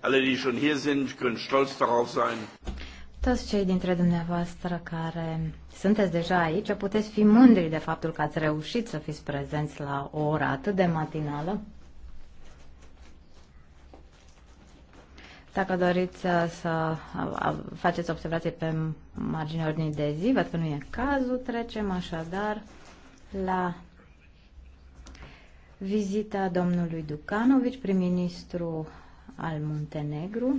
Alle, die schon hier sind, können stolz darauf sein. Toți cei dintre dumneavoastră care sunteți deja aici, puteți fi mândri de faptul că ați reușit să fiți prezenți la o oră atât de matinală. Dacă doriți să faceți observații pe marginea ordinii de zi, văd că nu e cazul, trecem așadar la vizita domnului Ducanovici, prim-ministru al Muntenegru.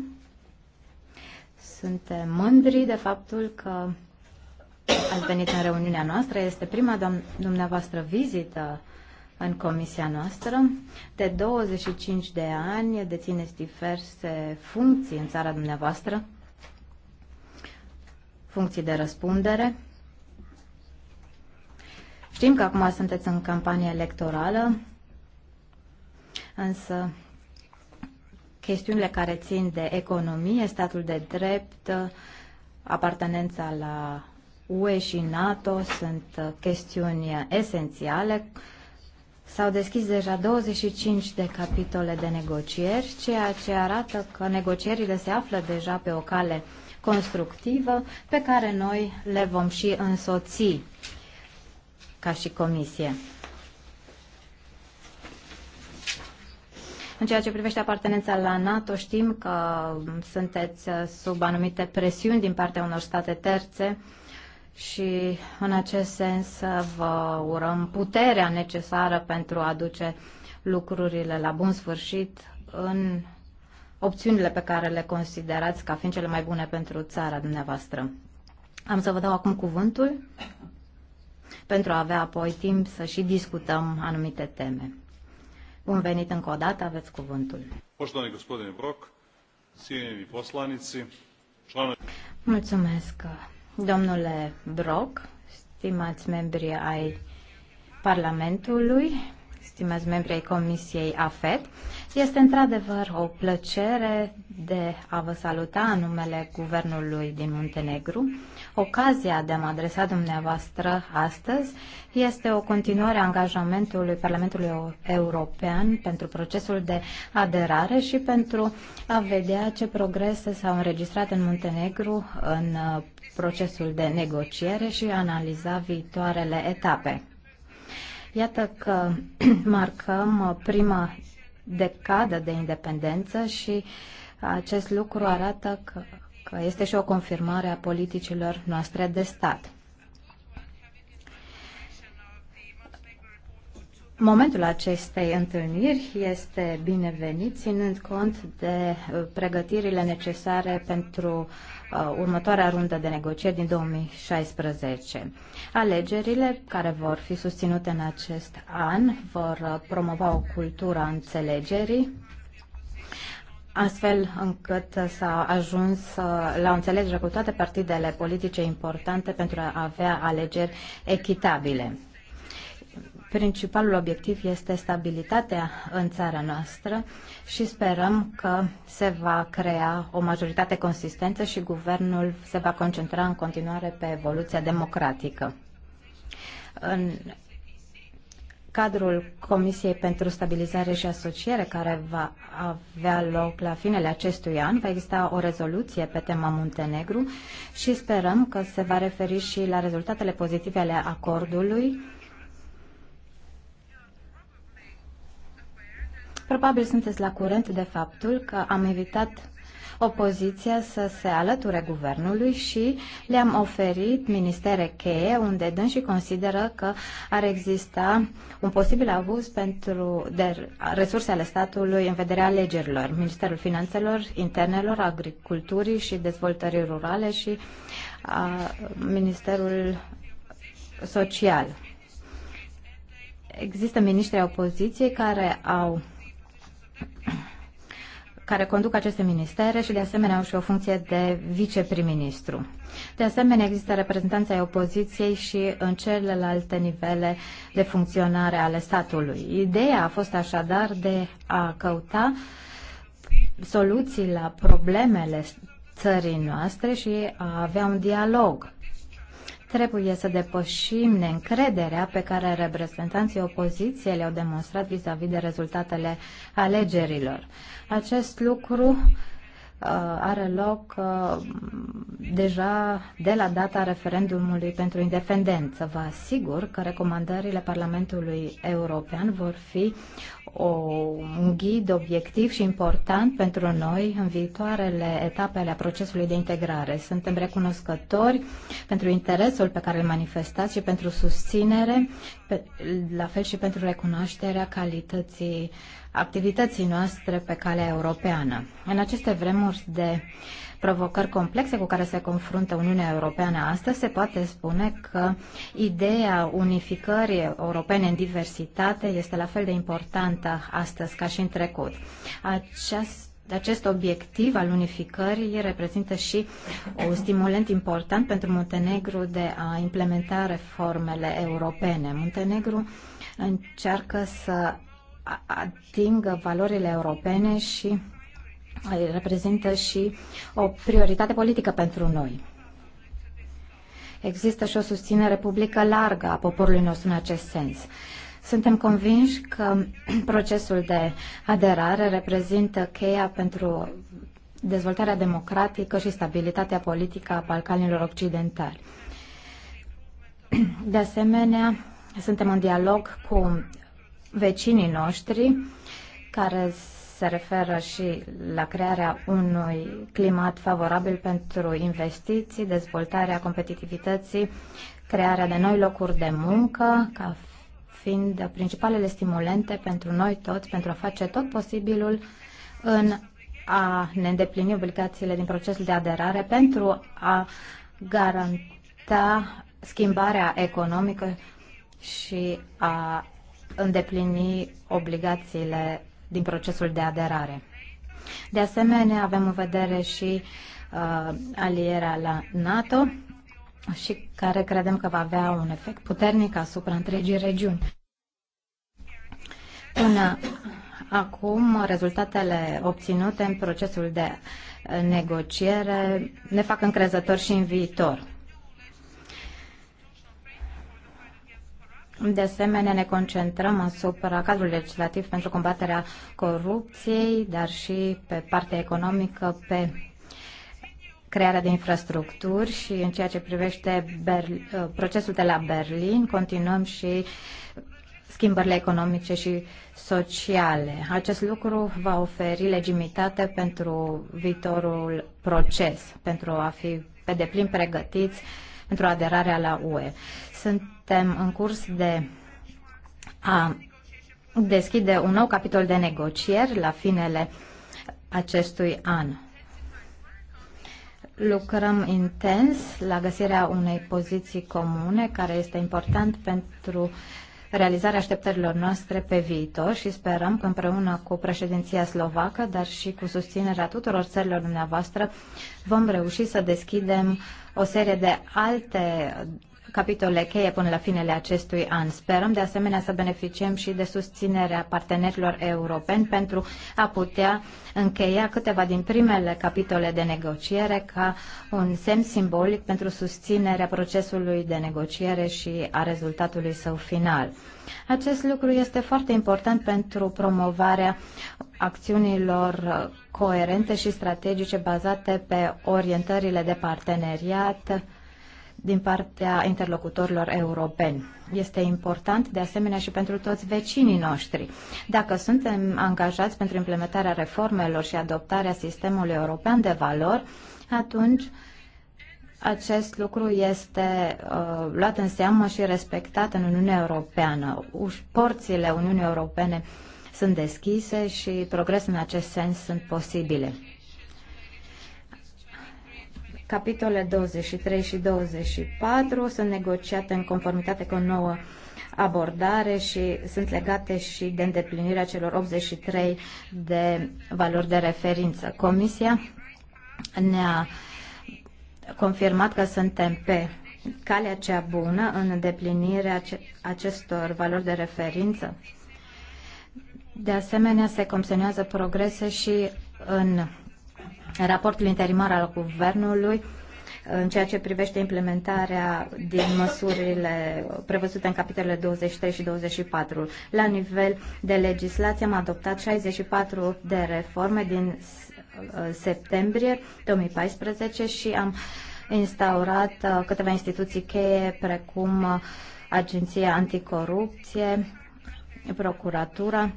Suntem mândri de faptul că ați venit în reuniunea noastră. Este prima dumneavoastră vizită în comisia noastră. De 25 de ani dețineți diverse funcții în țara dumneavoastră, funcții de răspundere. Știm că acum sunteți în campanie electorală însă chestiunile care țin de economie, statul de drept, apartenența la UE și NATO sunt chestiuni esențiale. S-au deschis deja 25 de capitole de negocieri, ceea ce arată că negocierile se află deja pe o cale constructivă pe care noi le vom și însoți ca și comisie. În ceea ce privește apartenența la NATO, știm că sunteți sub anumite presiuni din partea unor state terțe și în acest sens vă urăm puterea necesară pentru a duce lucrurile la bun sfârșit în opțiunile pe care le considerați ca fiind cele mai bune pentru țara dumneavoastră. Am să vă dau acum cuvântul pentru a avea apoi timp să și discutăm anumite teme. Bun venit încă o dată, aveți cuvântul. Poștani, gospodine Broc, sienii poslanici, Mulțumesc, domnule Broc, stimați membri ai Parlamentului, stimați membri ai Comisiei AFET. Este într-adevăr o plăcere de a vă saluta în numele Guvernului din Muntenegru Ocazia de a mă adresa dumneavoastră astăzi este o continuare a angajamentului Parlamentului European pentru procesul de aderare și pentru a vedea ce progrese s-au înregistrat în Muntenegru în uh, procesul de negociere și a analiza viitoarele etape. Iată că marcăm uh, prima decadă de independență și acest lucru arată că că este și o confirmare a politicilor noastre de stat. Momentul acestei întâlniri este binevenit, ținând cont de uh, pregătirile necesare pentru uh, următoarea rundă de negocieri din 2016. Alegerile care vor fi susținute în acest an vor uh, promova o cultură a înțelegerii astfel încât s-a ajuns uh, la o înțelegere cu toate partidele politice importante pentru a avea alegeri echitabile. Principalul obiectiv este stabilitatea în țara noastră și sperăm că se va crea o majoritate consistentă și guvernul se va concentra în continuare pe evoluția democratică. În cadrul Comisiei pentru Stabilizare și Asociere, care va avea loc la finele acestui an, va exista o rezoluție pe tema Muntenegru și sperăm că se va referi și la rezultatele pozitive ale acordului. Probabil sunteți la curent de faptul că am evitat opoziția să se alăture guvernului și le-am oferit ministere cheie unde și consideră că ar exista un posibil abuz pentru de resurse ale statului în vederea alegerilor. Ministerul Finanțelor, Internelor, Agriculturii și Dezvoltării Rurale și a, Ministerul Social. Există miniștri opoziției care au care conduc aceste ministere și de asemenea au și o funcție de viceprim-ministru. De asemenea, există reprezentanța ai opoziției și în celelalte nivele de funcționare ale statului. Ideea a fost așadar de a căuta soluții la problemele țării noastre și a avea un dialog Trebuie să depășim neîncrederea pe care reprezentanții opoziției le-au demonstrat vis-a-vis -vis de rezultatele alegerilor. Acest lucru uh, are loc uh, deja de la data referendumului pentru independență. Vă asigur că recomandările Parlamentului European vor fi o, un ghid obiectiv și important pentru noi în viitoarele etape ale procesului de integrare. Suntem recunoscători pentru interesul pe care îl manifestați și pentru susținere, pe, la fel și pentru recunoașterea calității activității noastre pe calea europeană. În aceste vremuri de uh, provocări complexe cu care se confruntă Uniunea Europeană astăzi, se poate spune că ideea unificării europene în diversitate este la fel de importantă astăzi ca și în trecut. Această acest obiectiv al unificării reprezintă și un stimulant important pentru Muntenegru de a implementa reformele europene. Muntenegru încearcă să atingă valorile europene și reprezintă și o prioritate politică pentru noi. Există și o susținere publică largă a poporului nostru în acest sens. Suntem convinși că procesul de aderare reprezintă cheia pentru dezvoltarea democratică și stabilitatea politică a Balcanilor Occidentali. De asemenea, suntem în dialog cu vecinii noștri care se referă și la crearea unui climat favorabil pentru investiții, dezvoltarea competitivității, crearea de noi locuri de muncă, ca fiind principalele stimulente pentru noi toți, pentru a face tot posibilul în a ne îndeplini obligațiile din procesul de aderare pentru a garanta schimbarea economică și a îndeplini obligațiile din procesul de aderare. De asemenea, avem în vedere și uh, alierea la NATO și care credem că va avea un efect puternic asupra întregii regiuni. Până acum, rezultatele obținute în procesul de negociere ne fac încrezători și în viitor. De asemenea, ne concentrăm asupra cadrului legislativ pentru combaterea corupției, dar și pe partea economică, pe crearea de infrastructuri și în ceea ce privește Berl- procesul de la Berlin, continuăm și schimbările economice și sociale. Acest lucru va oferi legitimitate pentru viitorul proces, pentru a fi pe deplin pregătiți pentru aderarea la UE. Sunt suntem în curs de a deschide un nou capitol de negocieri la finele acestui an. Lucrăm intens la găsirea unei poziții comune care este important pentru realizarea așteptărilor noastre pe viitor și sperăm că împreună cu președinția slovacă, dar și cu susținerea tuturor țărilor dumneavoastră, vom reuși să deschidem o serie de alte capitole cheie până la finele acestui an. Sperăm de asemenea să beneficiem și de susținerea partenerilor europeni pentru a putea încheia câteva din primele capitole de negociere ca un semn simbolic pentru susținerea procesului de negociere și a rezultatului său final. Acest lucru este foarte important pentru promovarea acțiunilor coerente și strategice bazate pe orientările de parteneriat, din partea interlocutorilor europeni. Este important, de asemenea, și pentru toți vecinii noștri. Dacă suntem angajați pentru implementarea reformelor și adoptarea sistemului european de valori, atunci acest lucru este uh, luat în seamă și respectat în Uniunea Europeană. Uș- porțile Uniunii Europene sunt deschise și progres în acest sens sunt posibile. Capitole 23 și 24 sunt negociate în conformitate cu o nouă abordare și sunt legate și de îndeplinirea celor 83 de valori de referință. Comisia ne-a confirmat că suntem pe calea cea bună în îndeplinirea acestor valori de referință. De asemenea, se consemnează progrese și în raportul interimar al guvernului în ceea ce privește implementarea din măsurile prevăzute în capitolele 23 și 24. La nivel de legislație am adoptat 64 de reforme din uh, septembrie 2014 și am instaurat uh, câteva instituții cheie precum uh, Agenția Anticorupție, Procuratura,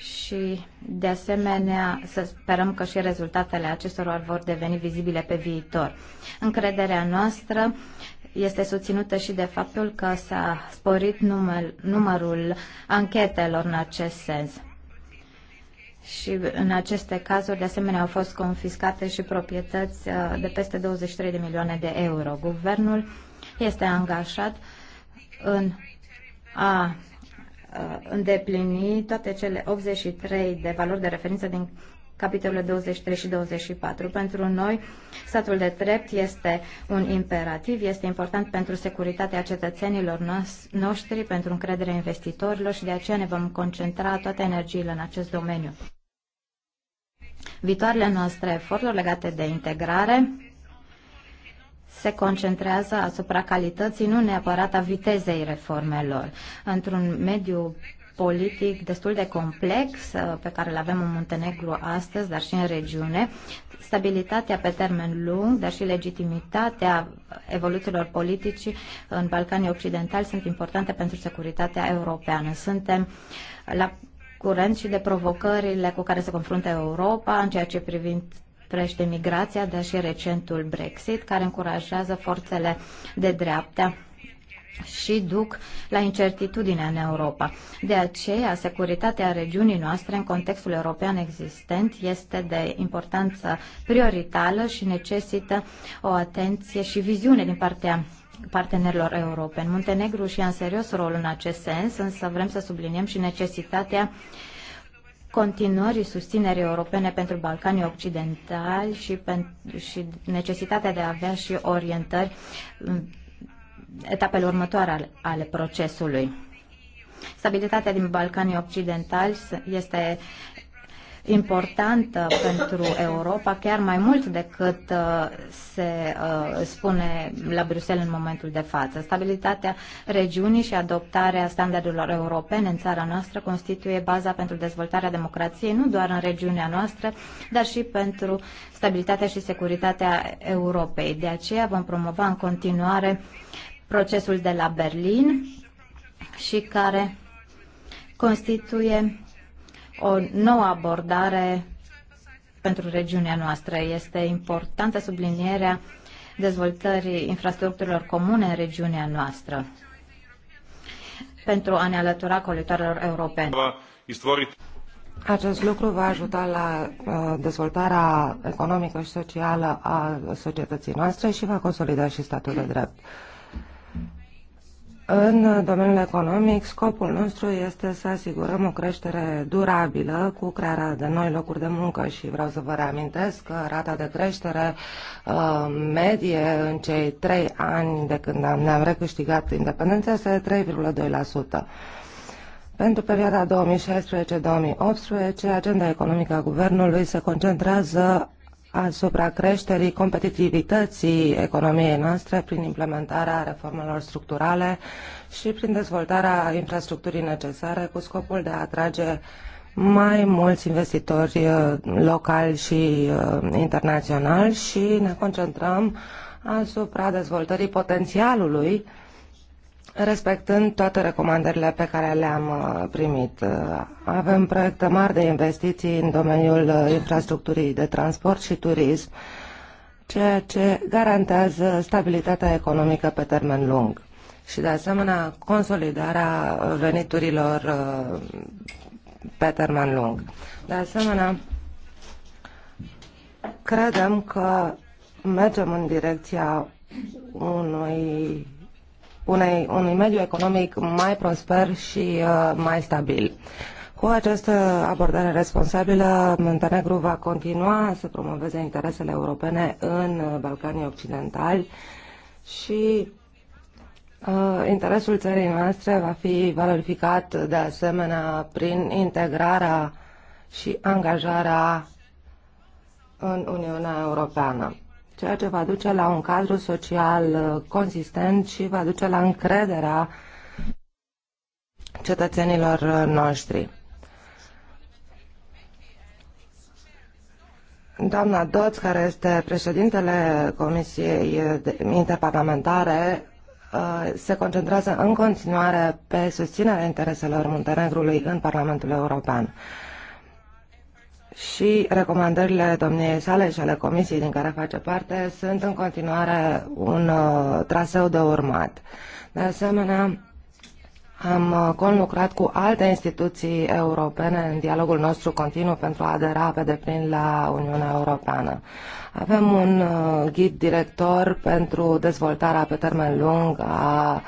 și, de asemenea, să sperăm că și rezultatele acestor vor deveni vizibile pe viitor. Încrederea noastră este susținută și de faptul că s-a sporit numel, numărul anchetelor în acest sens. Și în aceste cazuri, de asemenea, au fost confiscate și proprietăți uh, de peste 23 de milioane de euro. Guvernul este angajat în a Uh, îndeplini toate cele 83 de valori de referință din capitolele 23 și 24. Pentru noi, statul de drept este un imperativ, este important pentru securitatea cetățenilor noștri, pentru încrederea investitorilor și de aceea ne vom concentra toate energiile în acest domeniu. Viitoarele noastre eforturi legate de integrare se concentrează asupra calității, nu neapărat a vitezei reformelor. Într-un mediu politic destul de complex uh, pe care îl avem în Muntenegru astăzi, dar și în regiune, stabilitatea pe termen lung, dar și legitimitatea evoluțiilor politici în Balcanii Occidentali sunt importante pentru securitatea europeană. Suntem la curent și de provocările cu care se confruntă Europa în ceea ce privind crește migrația, dar și recentul Brexit, care încurajează forțele de dreapta și duc la incertitudine în Europa. De aceea, securitatea regiunii noastre în contextul european existent este de importanță prioritară și necesită o atenție și viziune din partea partenerilor europeni. Muntenegru și-a în serios rolul în acest sens, însă vrem să subliniem și necesitatea uh, continuării susținerii europene pentru Balcanii Occidentali și, și necesitatea de a avea și orientări mm, etapele următoare ale, ale procesului. Stabilitatea din Balcanii Occidentali este importantă pentru Europa, chiar mai mult decât uh, se uh, spune la Bruxelles în momentul de față. Stabilitatea regiunii și adoptarea standardelor europene în țara noastră constituie baza pentru dezvoltarea democrației, nu doar în regiunea noastră, dar și pentru stabilitatea și securitatea Europei. De aceea vom promova în continuare procesul de la Berlin și care constituie o nouă abordare pentru regiunea noastră. Este importantă sublinierea dezvoltării infrastructurilor comune în regiunea noastră pentru a ne alătura colectoarelor europene. Acest lucru va ajuta la uh, dezvoltarea economică și socială a societății noastre și va consolida și statul de drept. În domeniul economic, scopul nostru este să asigurăm o creștere durabilă cu crearea de noi locuri de muncă și vreau să vă reamintesc că rata de creștere uh, medie în cei trei ani de când ne-am recâștigat independența este 3,2%. Pentru perioada 2016-2018, agenda economică a Guvernului se concentrează asupra creșterii competitivității economiei noastre prin implementarea reformelor structurale și prin dezvoltarea infrastructurii necesare cu scopul de a atrage mai mulți investitori uh, locali și uh, internaționali și ne concentrăm asupra dezvoltării potențialului respectând toate recomandările pe care le-am uh, primit. Uh, avem proiecte mari de investiții în domeniul uh, infrastructurii de transport și turism, ceea ce garantează stabilitatea economică pe termen lung și, de asemenea, consolidarea veniturilor pe termen lung. De asemenea, credem că mergem în direcția unui unei, unui mediu economic mai prosper și uh, mai stabil. Cu această abordare responsabilă, Muntenegru va continua să promoveze interesele europene în uh, Balcanii Occidentali și uh, interesul țării noastre va fi valorificat de asemenea prin integrarea și angajarea în Uniunea Europeană ceea ce va duce la un cadru social uh, consistent și va duce la încrederea cetățenilor uh, noștri. Doamna Doț, care este președintele Comisiei uh, Interparlamentare, se concentrează în continuare pe susținerea intereselor Muntenegrului în Parlamentul European și recomandările domniei sale și ale comisiei din care face parte sunt în continuare un uh, traseu de urmat. De asemenea, am uh, conlucrat cu alte instituții europene în dialogul nostru continuu pentru a adera pe deplin la Uniunea Europeană. Avem un uh, ghid director pentru dezvoltarea pe termen lung a uh,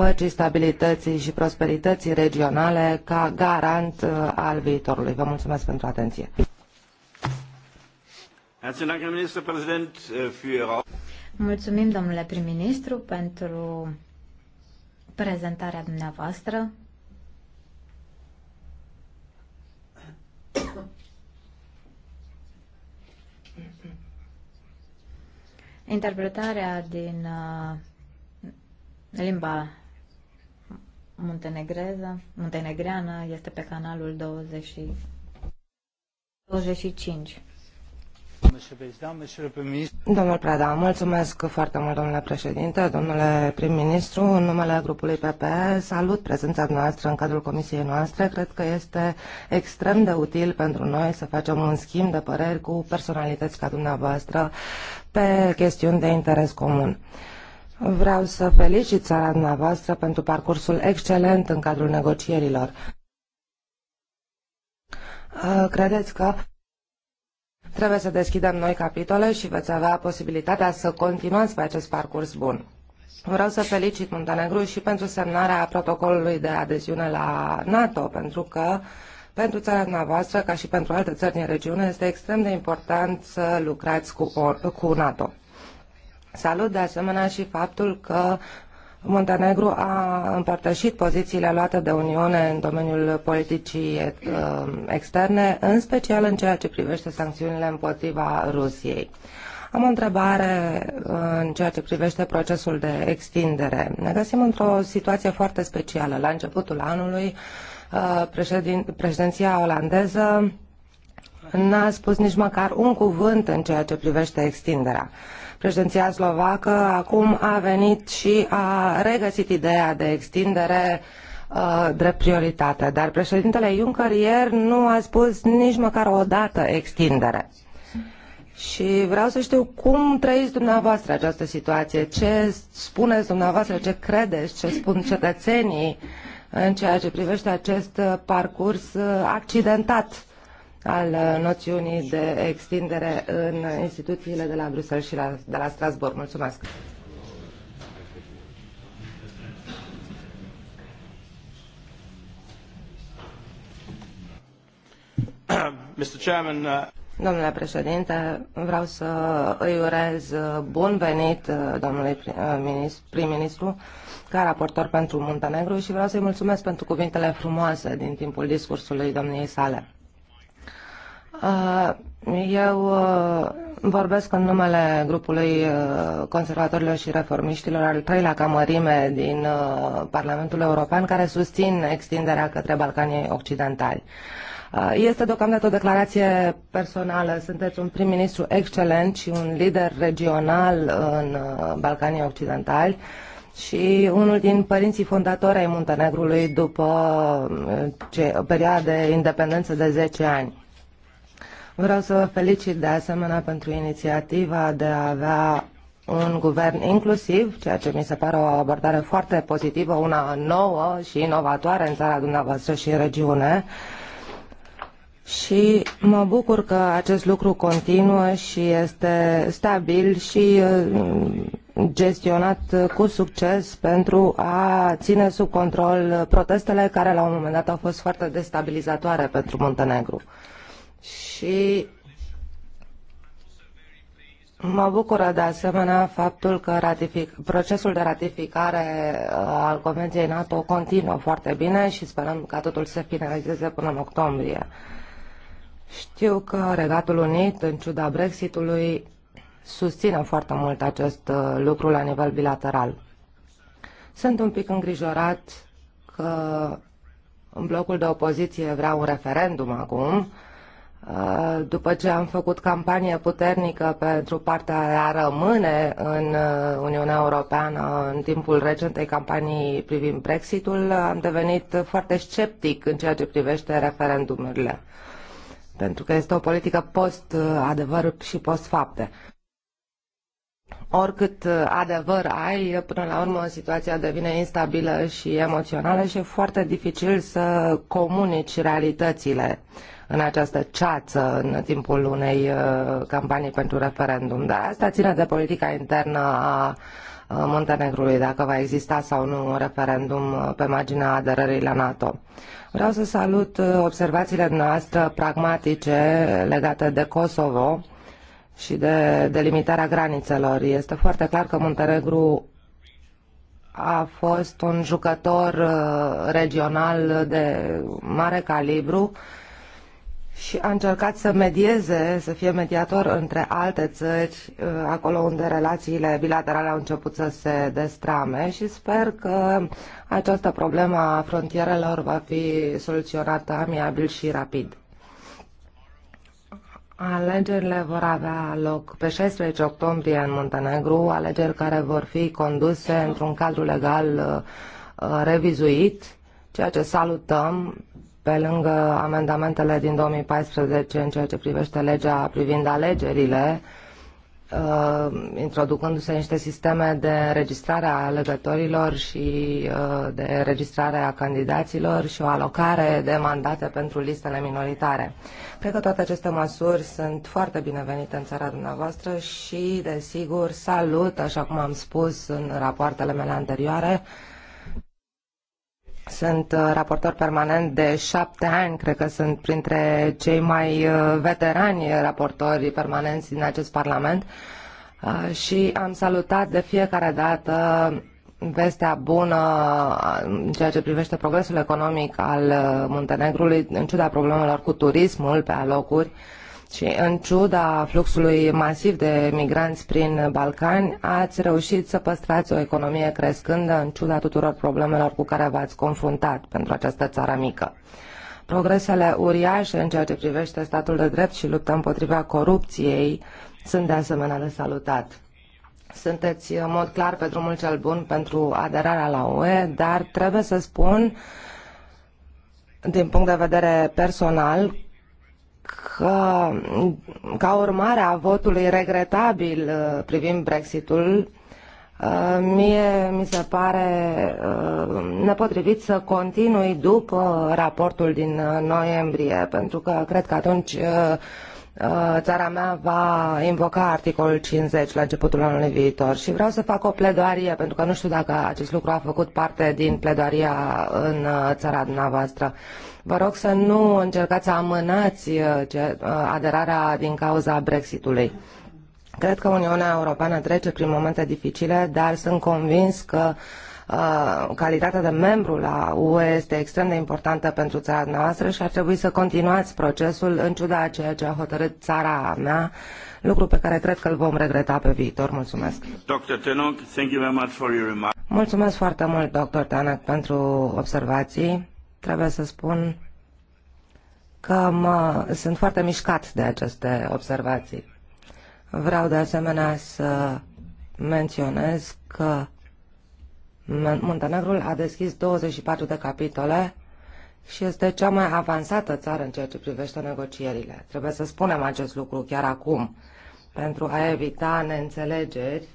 păcii, stabilității și prosperității regionale ca garant uh, al viitorului. Vă mulțumesc pentru atenție. Mulțumim, domnule prim-ministru, pentru prezentarea dumneavoastră. Interpretarea din uh, limba muntenegreză, muntenegreană este pe canalul 20, 25. Domnul Preda, mulțumesc foarte mult, domnule președinte, domnule prim-ministru, în numele grupului PPE, salut prezența noastră în cadrul comisiei noastre. Cred că este extrem de util pentru noi să facem un schimb de păreri cu personalități ca dumneavoastră pe chestiuni de interes comun. Uh, Vreau să felicit țara dumneavoastră pentru parcursul excelent în cadrul negocierilor. Credeți că trebuie să deschidem noi capitole și veți avea posibilitatea să continuați pe acest parcurs bun. Vreau să felicit Muntenegru și pentru semnarea protocolului de adeziune la NATO, pentru că pentru țara noastră, ca și pentru alte țări din regiune, este extrem de important să lucrați cu, cu NATO. Salut de asemenea și faptul că Muntenegru a împărtășit pozițiile luate de Uniune în domeniul politicii uh, externe, în special în ceea ce privește sancțiunile împotriva Rusiei. Am o întrebare uh, în ceea ce privește procesul de extindere. Ne găsim într-o situație foarte specială. La începutul anului, uh, președin, președinția olandeză n-a spus nici măcar un cuvânt în ceea ce privește extinderea. Președinția slovacă acum a venit și a regăsit ideea de extindere uh, drept prioritate, dar președintele Juncker ieri nu a spus nici măcar o dată extindere. Și vreau să știu cum trăiți dumneavoastră această situație, ce spuneți dumneavoastră, ce credeți, ce spun cetățenii în ceea ce privește acest uh, parcurs uh, accidentat al uh, noțiunii de extindere în instituțiile de la Bruxelles și la, de la Strasbourg. Mulțumesc! Uh, Domnule președinte, vreau să îi urez uh, bun venit domnului prim-ministru ca raportor pentru Muntenegru și vreau să-i mulțumesc pentru cuvintele frumoase din timpul discursului domniei sale. Uh, eu uh, vorbesc în numele grupului uh, conservatorilor și reformiștilor al treilea camărime din Parlamentul European care susțin extinderea către Balcanii Occidentali. Este deocamdată o declarație personală. Sunteți un prim-ministru excelent și un lider regional în Balcanii Occidentali și unul din părinții fondatori ai Muntenegrului după ce, perioada de independență de 10 ani. Vreau să vă felicit de asemenea pentru inițiativa de a avea un guvern inclusiv, ceea ce mi se pare o abordare foarte pozitivă, una nouă și inovatoare în țara dumneavoastră și în regiune. Și mă bucur că acest lucru continuă și este stabil și uh, gestionat cu succes pentru a ține sub control protestele care la un moment dat au fost foarte destabilizatoare pentru Muntenegru și Mă bucură de asemenea faptul că ratific, procesul de ratificare uh, al Convenției NATO continuă foarte bine și sperăm ca totul să finalizeze până în octombrie. Știu că Regatul Unit, în ciuda Brexitului, susține foarte mult acest uh, lucru la nivel bilateral. Sunt un pic îngrijorat că în blocul de opoziție vrea un referendum acum, Uh, după ce am făcut campanie puternică pentru partea de a rămâne în uh, Uniunea Europeană în timpul recentei campanii privind Brexitul, uh, am devenit foarte sceptic în ceea ce privește referendumurile. Pentru că este o politică post-adevăr și post-fapte. Oricât adevăr ai, până la urmă situația devine instabilă și emoțională și e foarte dificil să comunici realitățile în această ceață în timpul unei uh, campanii pentru referendum. Dar asta ține de politica internă a uh, Muntenegrului, dacă va exista sau nu un referendum uh, pe marginea aderării la NATO. Vreau să salut observațiile noastre pragmatice legate de Kosovo și de delimitarea granițelor. Este foarte clar că Muntenegru a fost un jucător regional de mare calibru și a încercat să medieze, să fie mediator între alte țări, uh, acolo unde relațiile bilaterale au început să se destrame și sper că această problemă a frontierelor va fi soluționată amiabil și rapid. Alegerile vor avea loc pe 16 octombrie în Muntenegru, alegeri care vor fi conduse într-un cadru legal uh, revizuit, ceea ce salutăm pe lângă amendamentele din 2014 în ceea ce privește legea privind alegerile, uh, introducându-se niște sisteme de înregistrare a alegătorilor și uh, de înregistrare a candidaților și o alocare de mandate pentru listele minoritare. Cred că toate aceste măsuri sunt foarte binevenite în țara dumneavoastră și, desigur, salut, așa cum am spus în rapoartele mele anterioare, sunt uh, raportor permanent de șapte ani, cred că sunt printre cei mai uh, veterani raportori permanenți din acest Parlament uh, și am salutat de fiecare dată vestea bună în ceea ce privește progresul economic al Muntenegrului, în ciuda problemelor cu turismul pe alocuri. Al și în ciuda fluxului masiv de migranți prin Balcani, ați reușit să păstrați o economie crescândă în ciuda tuturor problemelor cu care v-ați confruntat pentru această țară mică. Progresele uriașe în ceea ce privește statul de drept și lupta împotriva corupției sunt de asemenea de salutat. Sunteți în mod clar pe drumul cel bun pentru aderarea la UE, dar trebuie să spun, din punct de vedere personal, că ca urmare a votului regretabil uh, privind Brexitul, uh, mie mi se pare uh, nepotrivit să continui după raportul din noiembrie, pentru că cred că atunci țara mea va invoca articolul 50 la începutul anului viitor și vreau să fac o pledoarie, pentru că nu știu dacă acest lucru a făcut parte din pledoaria în țara dumneavoastră. Vă rog să nu încercați să amânați uh, uh, aderarea din cauza Brexitului. Cred că Uniunea Europeană trece prin momente dificile, dar sunt convins că uh, calitatea de membru la UE este extrem de importantă pentru țara noastră și ar trebui să continuați procesul în ciuda a ceea ce a hotărât țara mea, lucru pe care cred că îl vom regreta pe viitor. Mulțumesc. Dr. Tenoc, thank you very much for your remarks. Mulțumesc foarte mult, Dr. Tanak, pentru observații trebuie să spun că mă, sunt foarte mișcat de aceste observații. Vreau de asemenea să menționez că Muntenegrul a deschis 24 de capitole și este cea mai avansată țară în ceea ce privește negocierile. Trebuie să spunem acest lucru chiar acum, pentru a evita neînțelegeri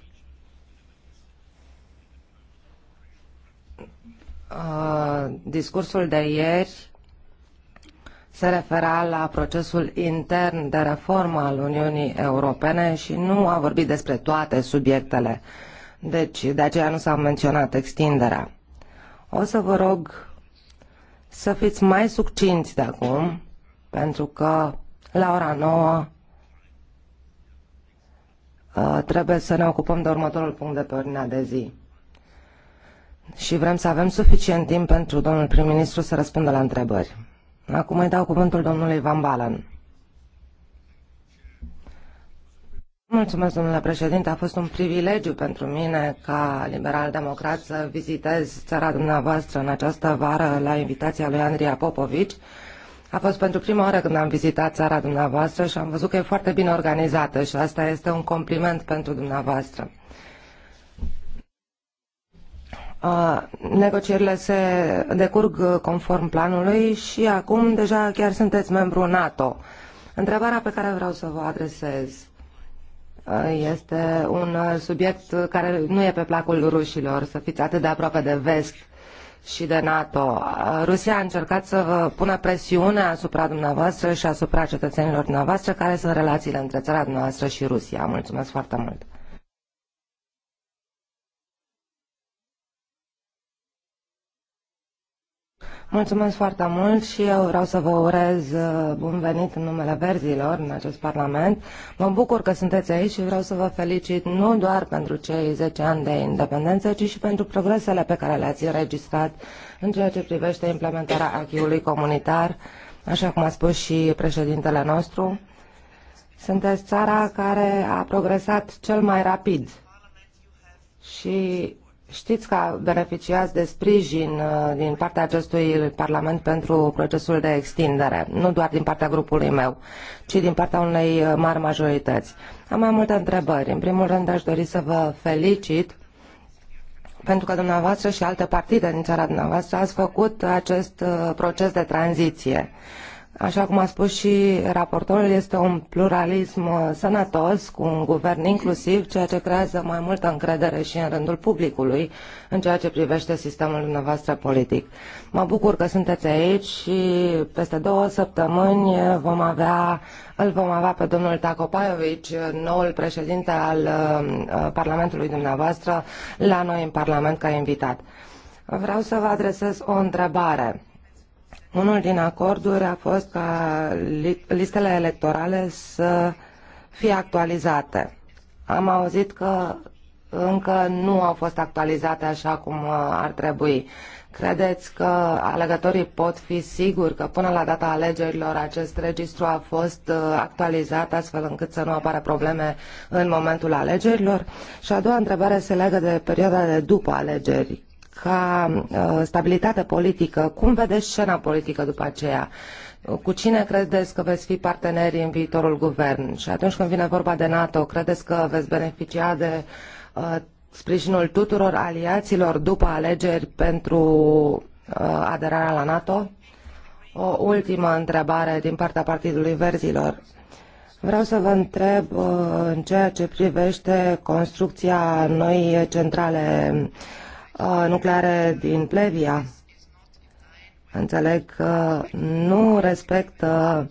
Uh, discursul de ieri se refera la procesul intern de reformă al Uniunii Europene și nu a vorbit despre toate subiectele. Deci, de aceea nu s-a menționat extinderea. O să vă rog să fiți mai succinți de acum, pentru că la ora 9 uh, trebuie să ne ocupăm de următorul punct de pe ordinea de zi și vrem să avem suficient timp pentru domnul prim-ministru să răspundă la întrebări. Acum îi dau cuvântul domnului Van Balen. Mulțumesc, domnule președinte. A fost un privilegiu pentru mine, ca liberal-democrat, să vizitez țara dumneavoastră în această vară la invitația lui Andria Popovici. A fost pentru prima oară când am vizitat țara dumneavoastră și am văzut că e foarte bine organizată și asta este un compliment pentru dumneavoastră. Negocierile se decurg conform planului și acum deja chiar sunteți membru NATO. Întrebarea pe care vreau să vă adresez este un subiect care nu e pe placul rușilor, să fiți atât de aproape de vest și de NATO. Rusia a încercat să vă pună presiune asupra dumneavoastră și asupra cetățenilor dumneavoastră care sunt relațiile între țara dumneavoastră și Rusia. Mulțumesc foarte mult! Mulțumesc foarte mult și eu vreau să vă urez uh, bun venit în numele verzilor în acest Parlament. Mă bucur că sunteți aici și vreau să vă felicit nu doar pentru cei 10 ani de independență, ci și pentru progresele pe care le-ați înregistrat în ceea ce privește implementarea acquis comunitar, așa cum a spus și președintele nostru. Sunteți țara care a progresat cel mai rapid și Știți că beneficiați de sprijin uh, din partea acestui Parlament pentru procesul de extindere, nu doar din partea grupului meu, ci din partea unei uh, mari majorități. Am mai multe întrebări. În primul rând aș dori să vă felicit pentru că dumneavoastră și alte partide din țara dumneavoastră ați făcut acest uh, proces de tranziție Așa cum a spus și raportorul, este un pluralism uh, sănătos cu un guvern inclusiv, ceea ce creează mai multă încredere și în rândul publicului în ceea ce privește sistemul dumneavoastră politic. Mă bucur că sunteți aici și peste două săptămâni vom avea, îl vom avea pe domnul Tacopaiovici, noul președinte al uh, uh, Parlamentului dumneavoastră, la noi în Parlament ca invitat. Vreau să vă adresez o întrebare unul din acorduri a fost ca listele electorale să fie actualizate. Am auzit că încă nu au fost actualizate așa cum uh, ar trebui. Credeți că alegătorii pot fi siguri că până la data alegerilor acest registru a fost uh, actualizat astfel încât să nu apară probleme în momentul alegerilor? Și a doua întrebare se legă de perioada de după alegeri ca uh, stabilitate politică, cum vedeți scena politică după aceea? Cu cine credeți că veți fi parteneri în viitorul guvern? Și atunci când vine vorba de NATO, credeți că veți beneficia de uh, sprijinul tuturor aliaților după alegeri pentru uh, aderarea la NATO? O ultimă întrebare din partea Partidului Verzilor. Vreau să vă întreb uh, în ceea ce privește construcția noii centrale uh, Uh, nucleare din Plevia. Înțeleg că nu respectă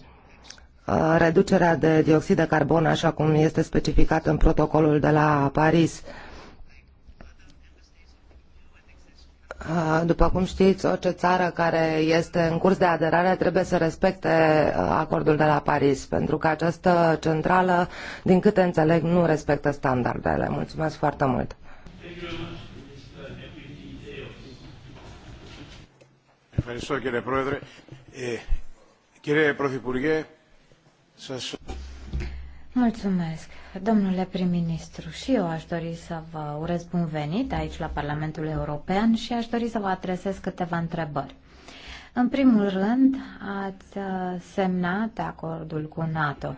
uh, reducerea de dioxid de carbon așa cum este specificat în protocolul de la Paris. Uh, după cum știți, orice țară care este în curs de aderare trebuie să respecte acordul de la Paris, pentru că această centrală, din câte înțeleg, nu respectă standardele. Mulțumesc foarte mult! Thank you. Ευχαριστώ κύριε Πρόεδρε. Ε, κύριε Πρωθυπουργέ, σας... Mulțumesc, domnule prim-ministru. Și eu aș dori să vă urez bun venit aici la Parlamentul European și aș dori să vă adresez câteva întrebări. În primul rând, ați uh, semnat acordul cu NATO.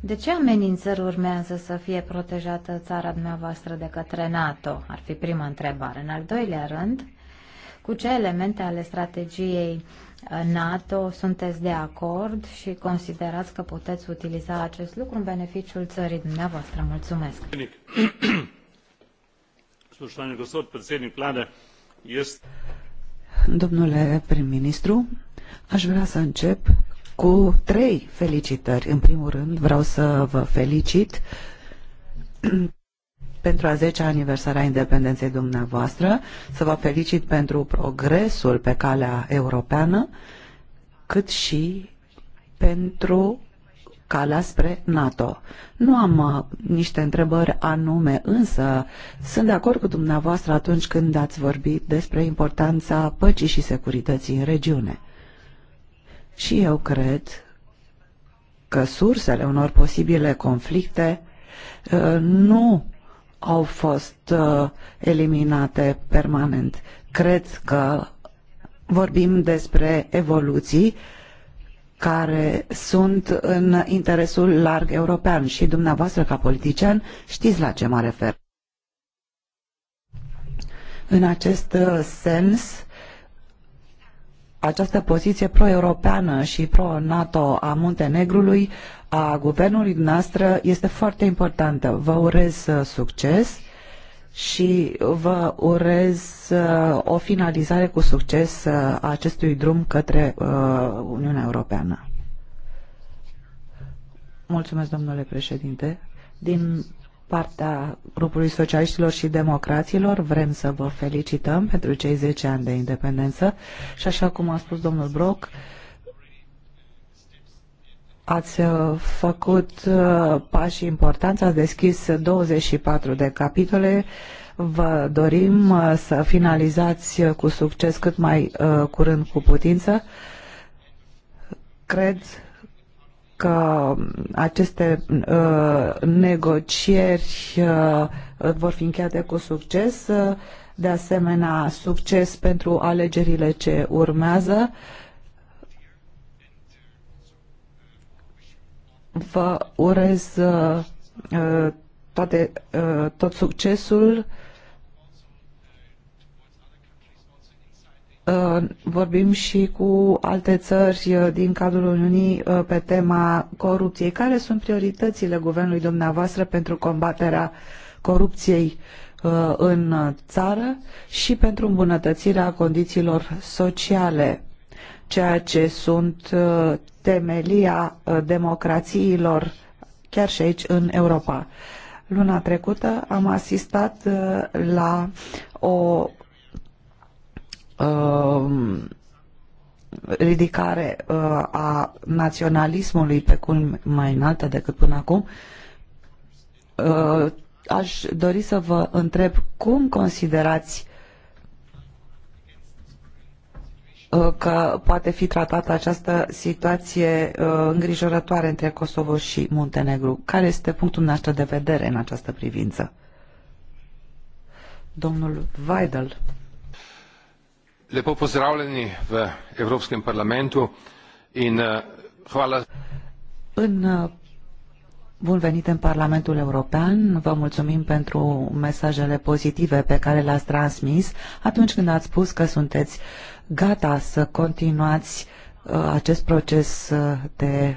De ce amenințări urmează să fie protejată țara dumneavoastră de către NATO? Ar fi prima întrebare. În al doilea rând, cu ce elemente ale strategiei uh, NATO sunteți de acord și considerați că puteți utiliza acest lucru în beneficiul țării dumneavoastră? Mulțumesc! Domnule prim-ministru, aș vrea să încep cu trei felicitări. În primul rând, vreau să vă felicit pentru a 10-a aniversare a independenței dumneavoastră, să vă felicit pentru progresul pe calea europeană, cât și pentru calea spre NATO. Nu am uh, niște întrebări anume, însă sunt de acord cu dumneavoastră atunci când ați vorbit despre importanța păcii și securității în regiune. Și eu cred că sursele unor posibile conflicte uh, nu au fost uh, eliminate permanent. Cred că vorbim despre evoluții care sunt în interesul larg european și dumneavoastră ca politician știți la ce mă refer. În acest uh, sens, această poziție pro-europeană și pro-NATO a Muntenegrului, a guvernului noastră, este foarte importantă. Vă urez uh, succes și vă urez uh, o finalizare cu succes uh, a acestui drum către Uniunea Europeană. Mulțumesc, domnule președinte. Din partea grupului socialiștilor și democraților vrem să vă felicităm pentru cei 10 ani de independență și așa cum a spus domnul Brock, ați uh, făcut uh, pași importanți, ați deschis 24 de capitole, vă dorim uh, să finalizați cu succes cât mai curând cu putință. Cred că aceste uh, negocieri uh, vor fi încheiate cu succes, uh, de asemenea succes pentru alegerile ce urmează. Vă urez uh, uh, toate, tot succesul Uh, vorbim și cu alte țări uh, din cadrul Uniunii uh, pe tema corupției. Care sunt prioritățile guvernului dumneavoastră pentru combaterea corupției în țară și pentru îmbunătățirea condițiilor sociale, ceea ce sunt temelia democrațiilor chiar și aici în Europa. Luna trecută am asistat la o Um, ridicare uh, a naționalismului pe cum mai înaltă decât până acum, uh, aș dori să vă întreb cum considerați uh, că poate fi tratată această situație îngrijorătoare între Kosovo și Muntenegru. Care este punctul noastră de vedere în această privință? Domnul Weidel. Lepo pozdravljeni v Evropskem parlamentu in eh, hvala. În eh, Bun venit în Parlamentul European. Vă mulțumim pentru mesajele pozitive pe care le-ați transmis atunci când ați spus că sunteți gata să continuați eh, acest proces de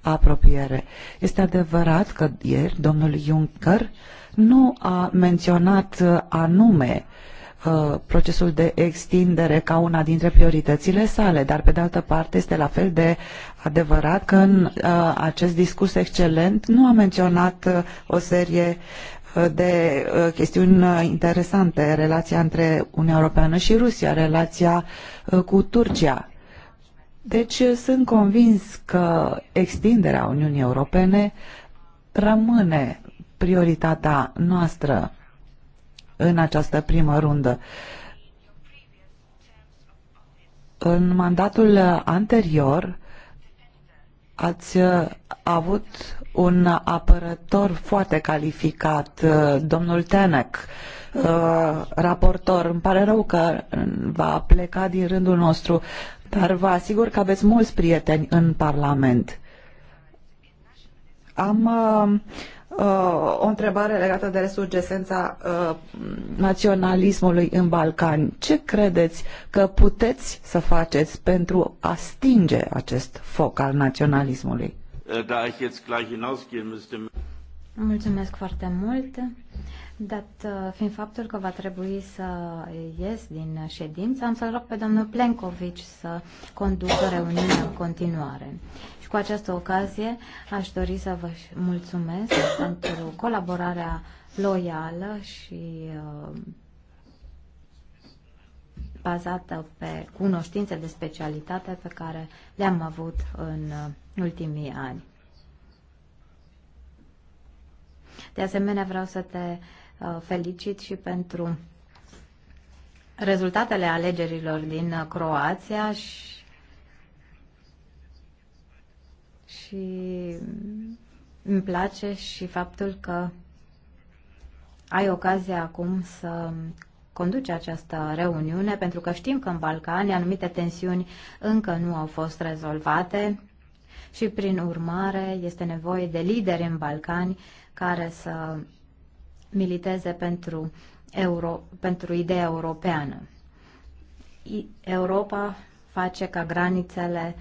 apropiere. Este adevărat că ieri domnul Juncker nu a menționat anume Uh, procesul de extindere ca una dintre prioritățile sale, dar pe de altă parte este la fel de adevărat că în uh, acest discurs excelent nu a menționat uh, o serie de chestiuni interesante, relația între Uniunea Europeană și Rusia, relația cu Turcia. Deci sunt convins că extinderea Uniunii Europene rămâne prioritatea noastră în această primă rundă. În mandatul anterior ați avut un apărător foarte calificat, domnul Tenec, raportor. Îmi pare rău că va pleca din rândul nostru, dar vă asigur că aveți mulți prieteni în Parlament. Am uh, o întrebare legată de resurgesența uh, naționalismului în Balcani. Ce credeți că puteți să faceți pentru a stinge acest foc al naționalismului? Äh, da, ich jetzt gleich hinausgehen müsste. Mulțumesc foarte mult. Dat uh, fiind faptul că va trebui să ies din ședință, am să-l rog pe domnul Plenkovici să conducă reuniunea în continuare. Cu această ocazie aș dori să vă mulțumesc pentru colaborarea loială și uh, bazată pe cunoștințe de specialitate pe care le-am avut în uh, ultimii ani. De asemenea, vreau să te uh, felicit și pentru rezultatele alegerilor din Croația și și îmi place și faptul că ai ocazia acum să conduce această reuniune, pentru că știm că în Balcani anumite tensiuni încă nu au fost rezolvate și, prin urmare, este nevoie de lideri în Balcani care să militeze pentru, Euro, pentru ideea europeană. Europa face ca granițele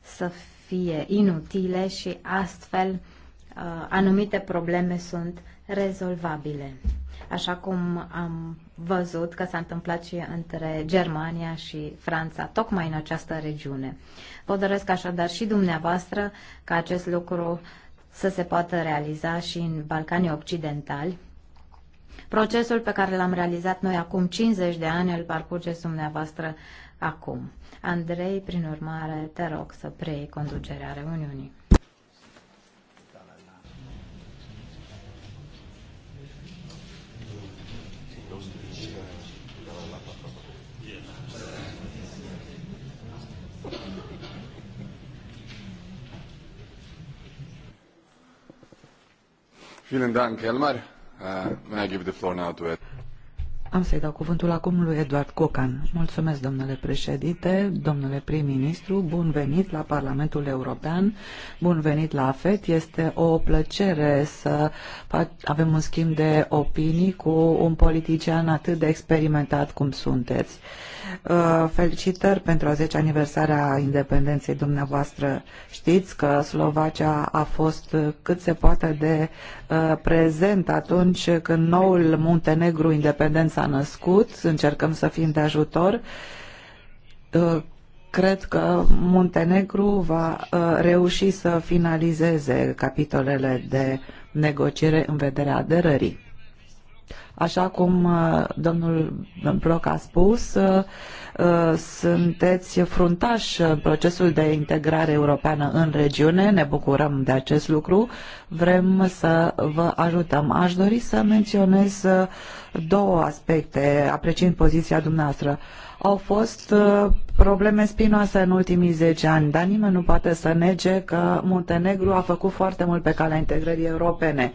să fie inutile și astfel uh, anumite probleme sunt rezolvabile. Așa cum am văzut că s-a întâmplat și între Germania și Franța, tocmai în această regiune. Vă doresc așadar și dumneavoastră ca acest lucru să se poată realiza și în Balcanii Occidentali. Procesul pe care l-am realizat noi acum 50 de ani îl parcurgeți dumneavoastră acum. Andrei, prin urmare, te rog să preiei conducerea reuniunii. Vielen Dank, Elmar. Uh, äh, may I give the floor now to Ed? Am să-i dau cuvântul acum lui Eduard Cocan. Mulțumesc, domnule președinte, domnule prim-ministru, bun venit la Parlamentul European, bun venit la AFET. Este o plăcere să avem un schimb de opinii cu un politician atât de experimentat cum sunteți. Uh, felicitări pentru a 10 aniversarea independenței dumneavoastră. Știți că Slovacia a fost cât se poate de uh, prezent atunci când noul Muntenegru independent s-a născut. Încercăm să fim de ajutor uh, cred că Muntenegru va reuși să finalizeze capitolele de negociere în vederea aderării. Așa cum uh, domnul Bloc a spus, uh, uh, sunteți fruntași în procesul de integrare europeană în regiune, ne bucurăm de acest lucru, vrem să vă ajutăm. Aș dori să menționez două aspecte, apreciind poziția dumneavoastră. Au fost probleme spinoase în ultimii 10 ani, dar nimeni nu poate să nege că Muntenegru a făcut foarte mult pe calea integrării europene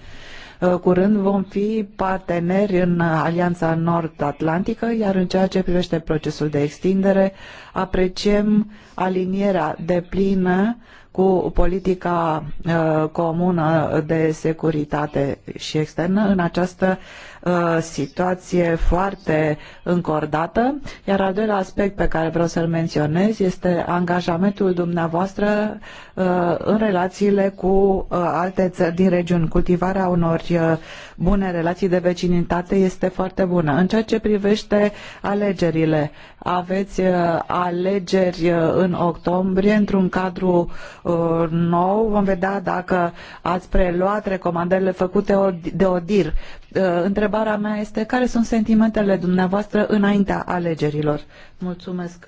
Uh, curând vom fi parteneri în Alianța Nord-Atlantică, iar în ceea ce privește procesul de extindere, apreciem alinierea deplină cu politica uh, comună de securitate și externă în această Uh, situație foarte încordată. Iar al doilea aspect pe care vreau să-l menționez este angajamentul dumneavoastră uh, în relațiile cu uh, alte țări din regiuni. Cultivarea unor bune relații de vecinitate este foarte bună. În ceea ce privește alegerile, aveți alegeri în octombrie într-un cadru nou. Vom vedea dacă ați preluat recomandările făcute de ODIR. Întreb întrebarea mea este care sunt sentimentele dumneavoastră înaintea alegerilor? Mulțumesc,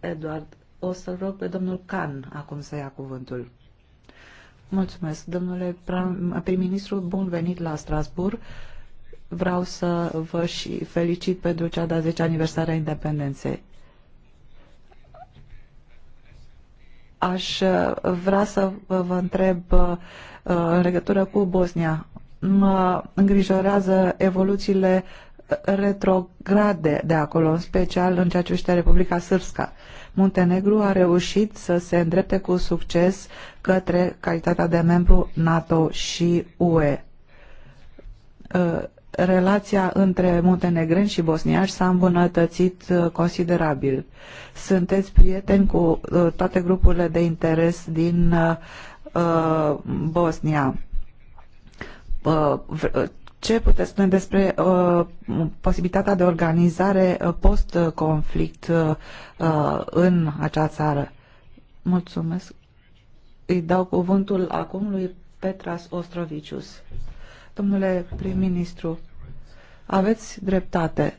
Eduard. O să rog pe domnul Can acum să ia cuvântul. Mulțumesc, domnule prim-ministru, bun venit la Strasbourg. Vreau să vă și felicit pentru cea de-a 10 aniversare a independenței. Aș vrea să vă întreb uh, în legătură cu Bosnia mă îngrijorează evoluțiile retrograde de acolo, în special în ceea ce este Republica Sârsca. Muntenegru a reușit să se îndrepte cu succes către calitatea de membru NATO și UE. Uh, relația între muntenegreni și bosniași s-a îmbunătățit uh, considerabil. Sunteți prieteni cu uh, toate grupurile de interes din Bosnia Uh, uh, ce puteți spune despre uh, posibilitatea de organizare uh, post-conflict uh, în acea țară? Mulțumesc. Îi dau cuvântul acum lui Petras Ostrovicius. Domnule prim-ministru, aveți dreptate.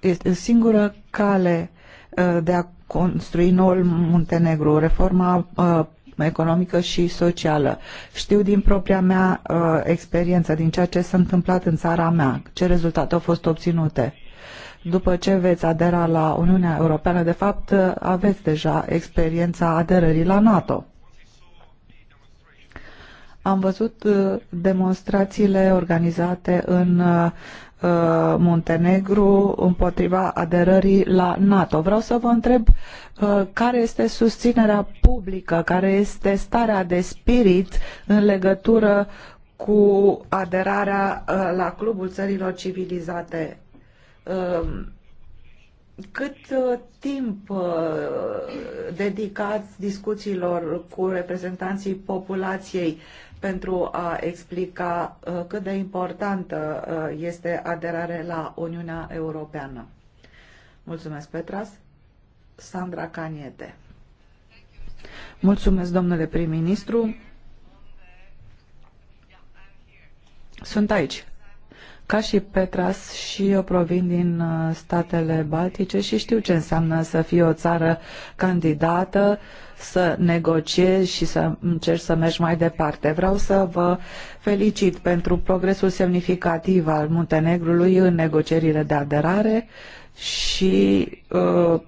Este singură cale uh, de a construi noul Muntenegru, reforma economică și socială. Știu din propria mea uh, experiență, din ceea ce s-a întâmplat în țara mea, ce rezultate au fost obținute. După ce veți adera la Uniunea Europeană, de fapt, uh, aveți deja experiența aderării la NATO. Am văzut uh, demonstrațiile organizate în uh, Uh, Muntenegru împotriva aderării la NATO. Vreau să vă întreb uh, care este susținerea publică, care este starea de spirit în legătură cu aderarea uh, la Clubul Țărilor Civilizate cât uh, timp uh, dedicați discuțiilor cu reprezentanții populației pentru a explica uh, cât de importantă este aderarea la Uniunea Europeană? Mulțumesc, Petras. Sandra Caniete. Mulțumesc, domnule prim-ministru. Sunt aici. Ca și Petras și eu provin din uh, statele baltice și știu ce înseamnă să fii o țară candidată, să negociezi și să încerci să mergi mai departe. Vreau să vă felicit pentru progresul semnificativ al Muntenegrului în negocierile de aderare și uh,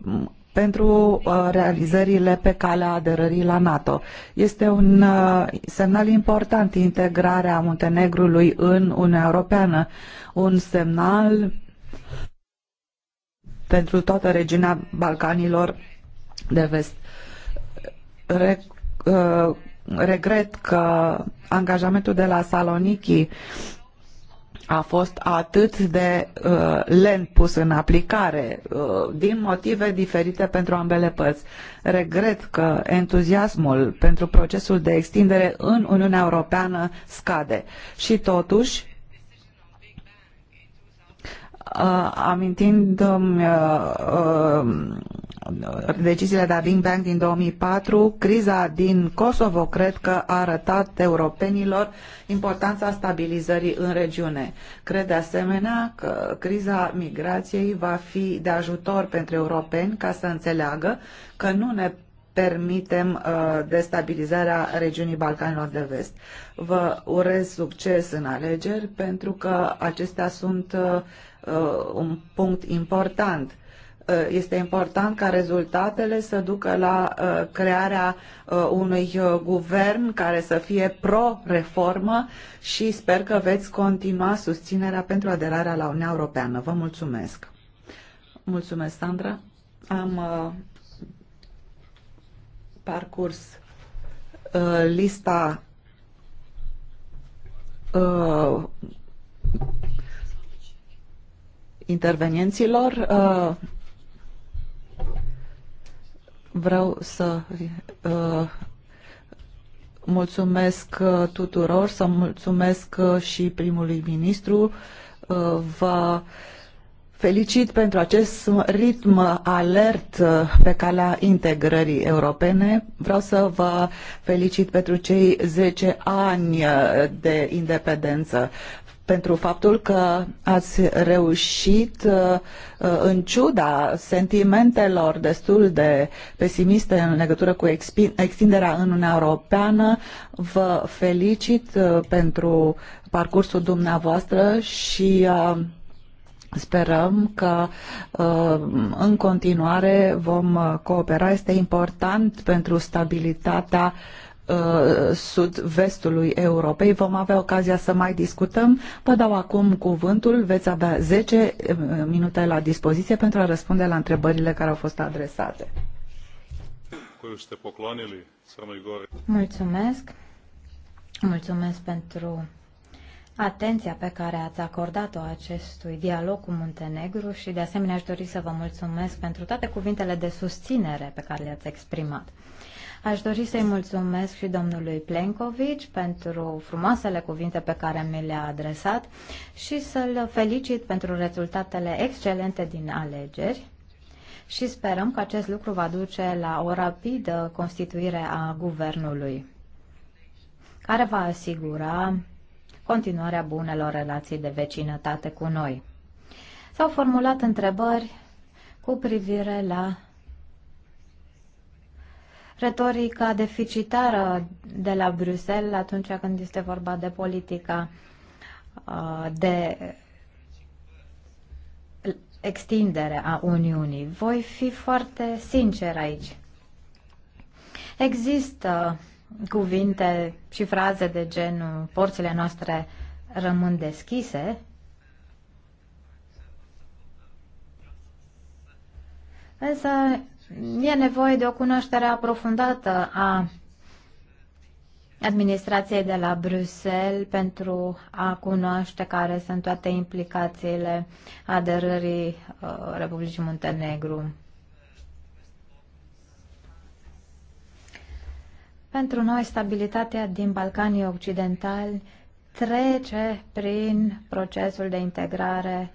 pentru uh, realizările pe calea aderării la NATO. Este un uh, semnal important integrarea Muntenegrului în Uniunea Europeană, un semnal pentru toată regiunea Balcanilor de vest. Re, uh, regret că angajamentul de la Saloniki a fost atât de uh, lent pus în aplicare uh, din motive diferite pentru ambele părți. Regret că entuziasmul pentru procesul de extindere în Uniunea Europeană scade și totuși Uh, amintind uh, uh, deciziile de la Big Bang din 2004, criza din Kosovo cred că a arătat europenilor importanța stabilizării în regiune. Cred de asemenea că criza migrației va fi de ajutor pentru europeni ca să înțeleagă că nu ne permitem uh, destabilizarea regiunii Balcanilor de Vest. Vă urez succes în alegeri pentru că acestea sunt uh, Uh, un punct important uh, este important ca rezultatele să ducă la uh, crearea unui guvern care să fie pro-reformă și sper că veți continua susținerea pentru aderarea la Uniunea Europeană. Vă mulțumesc! Mulțumesc, Sandra! Am parcurs lista intervenienților. Uh, vreau să uh, mulțumesc uh, tuturor, să mulțumesc și primului ministru. Vă felicit pentru acest ritm alert pe calea integrării europene. Vreau să vă felicit pentru cei 10 ani de independență pentru faptul că ați reușit, uh, uh, în ciuda sentimentelor destul de pesimiste în legătură cu extinderea în Uniunea Europeană. Vă felicit uh, pentru parcursul dumneavoastră și Sperăm că în continuare vom coopera. Este important pentru stabilitatea Uh, sud-vestului Europei. Vom avea ocazia să mai discutăm. Vă dau acum cuvântul. Veți avea 10 uh, minute la dispoziție pentru a răspunde la întrebările care au fost adresate. Mulțumesc. Mulțumesc pentru atenția pe care ați acordat-o acestui dialog cu Muntenegru și de asemenea aș dori să vă mulțumesc pentru toate cuvintele de susținere pe care le-ați exprimat. Aș dori să-i mulțumesc și domnului Plenkovici pentru frumoasele cuvinte pe care mi le-a adresat și să-l felicit pentru rezultatele excelente din alegeri și sperăm că acest lucru va duce la o rapidă constituire a guvernului, care va asigura continuarea bunelor relații de vecinătate cu noi. S-au formulat întrebări cu privire la retorica deficitară de la Bruxelles atunci când este vorba de politica uh, de extindere a Uniunii. Voi fi foarte sincer aici. Există cuvinte și fraze de genul porțile noastre rămân deschise, însă E nevoie de o cunoaștere aprofundată a administrației de la Bruxelles pentru a cunoaște care sunt toate implicațiile aderării uh, Republicii Muntenegru. Pentru noi, stabilitatea din Balcanii Occidentali trece prin procesul de integrare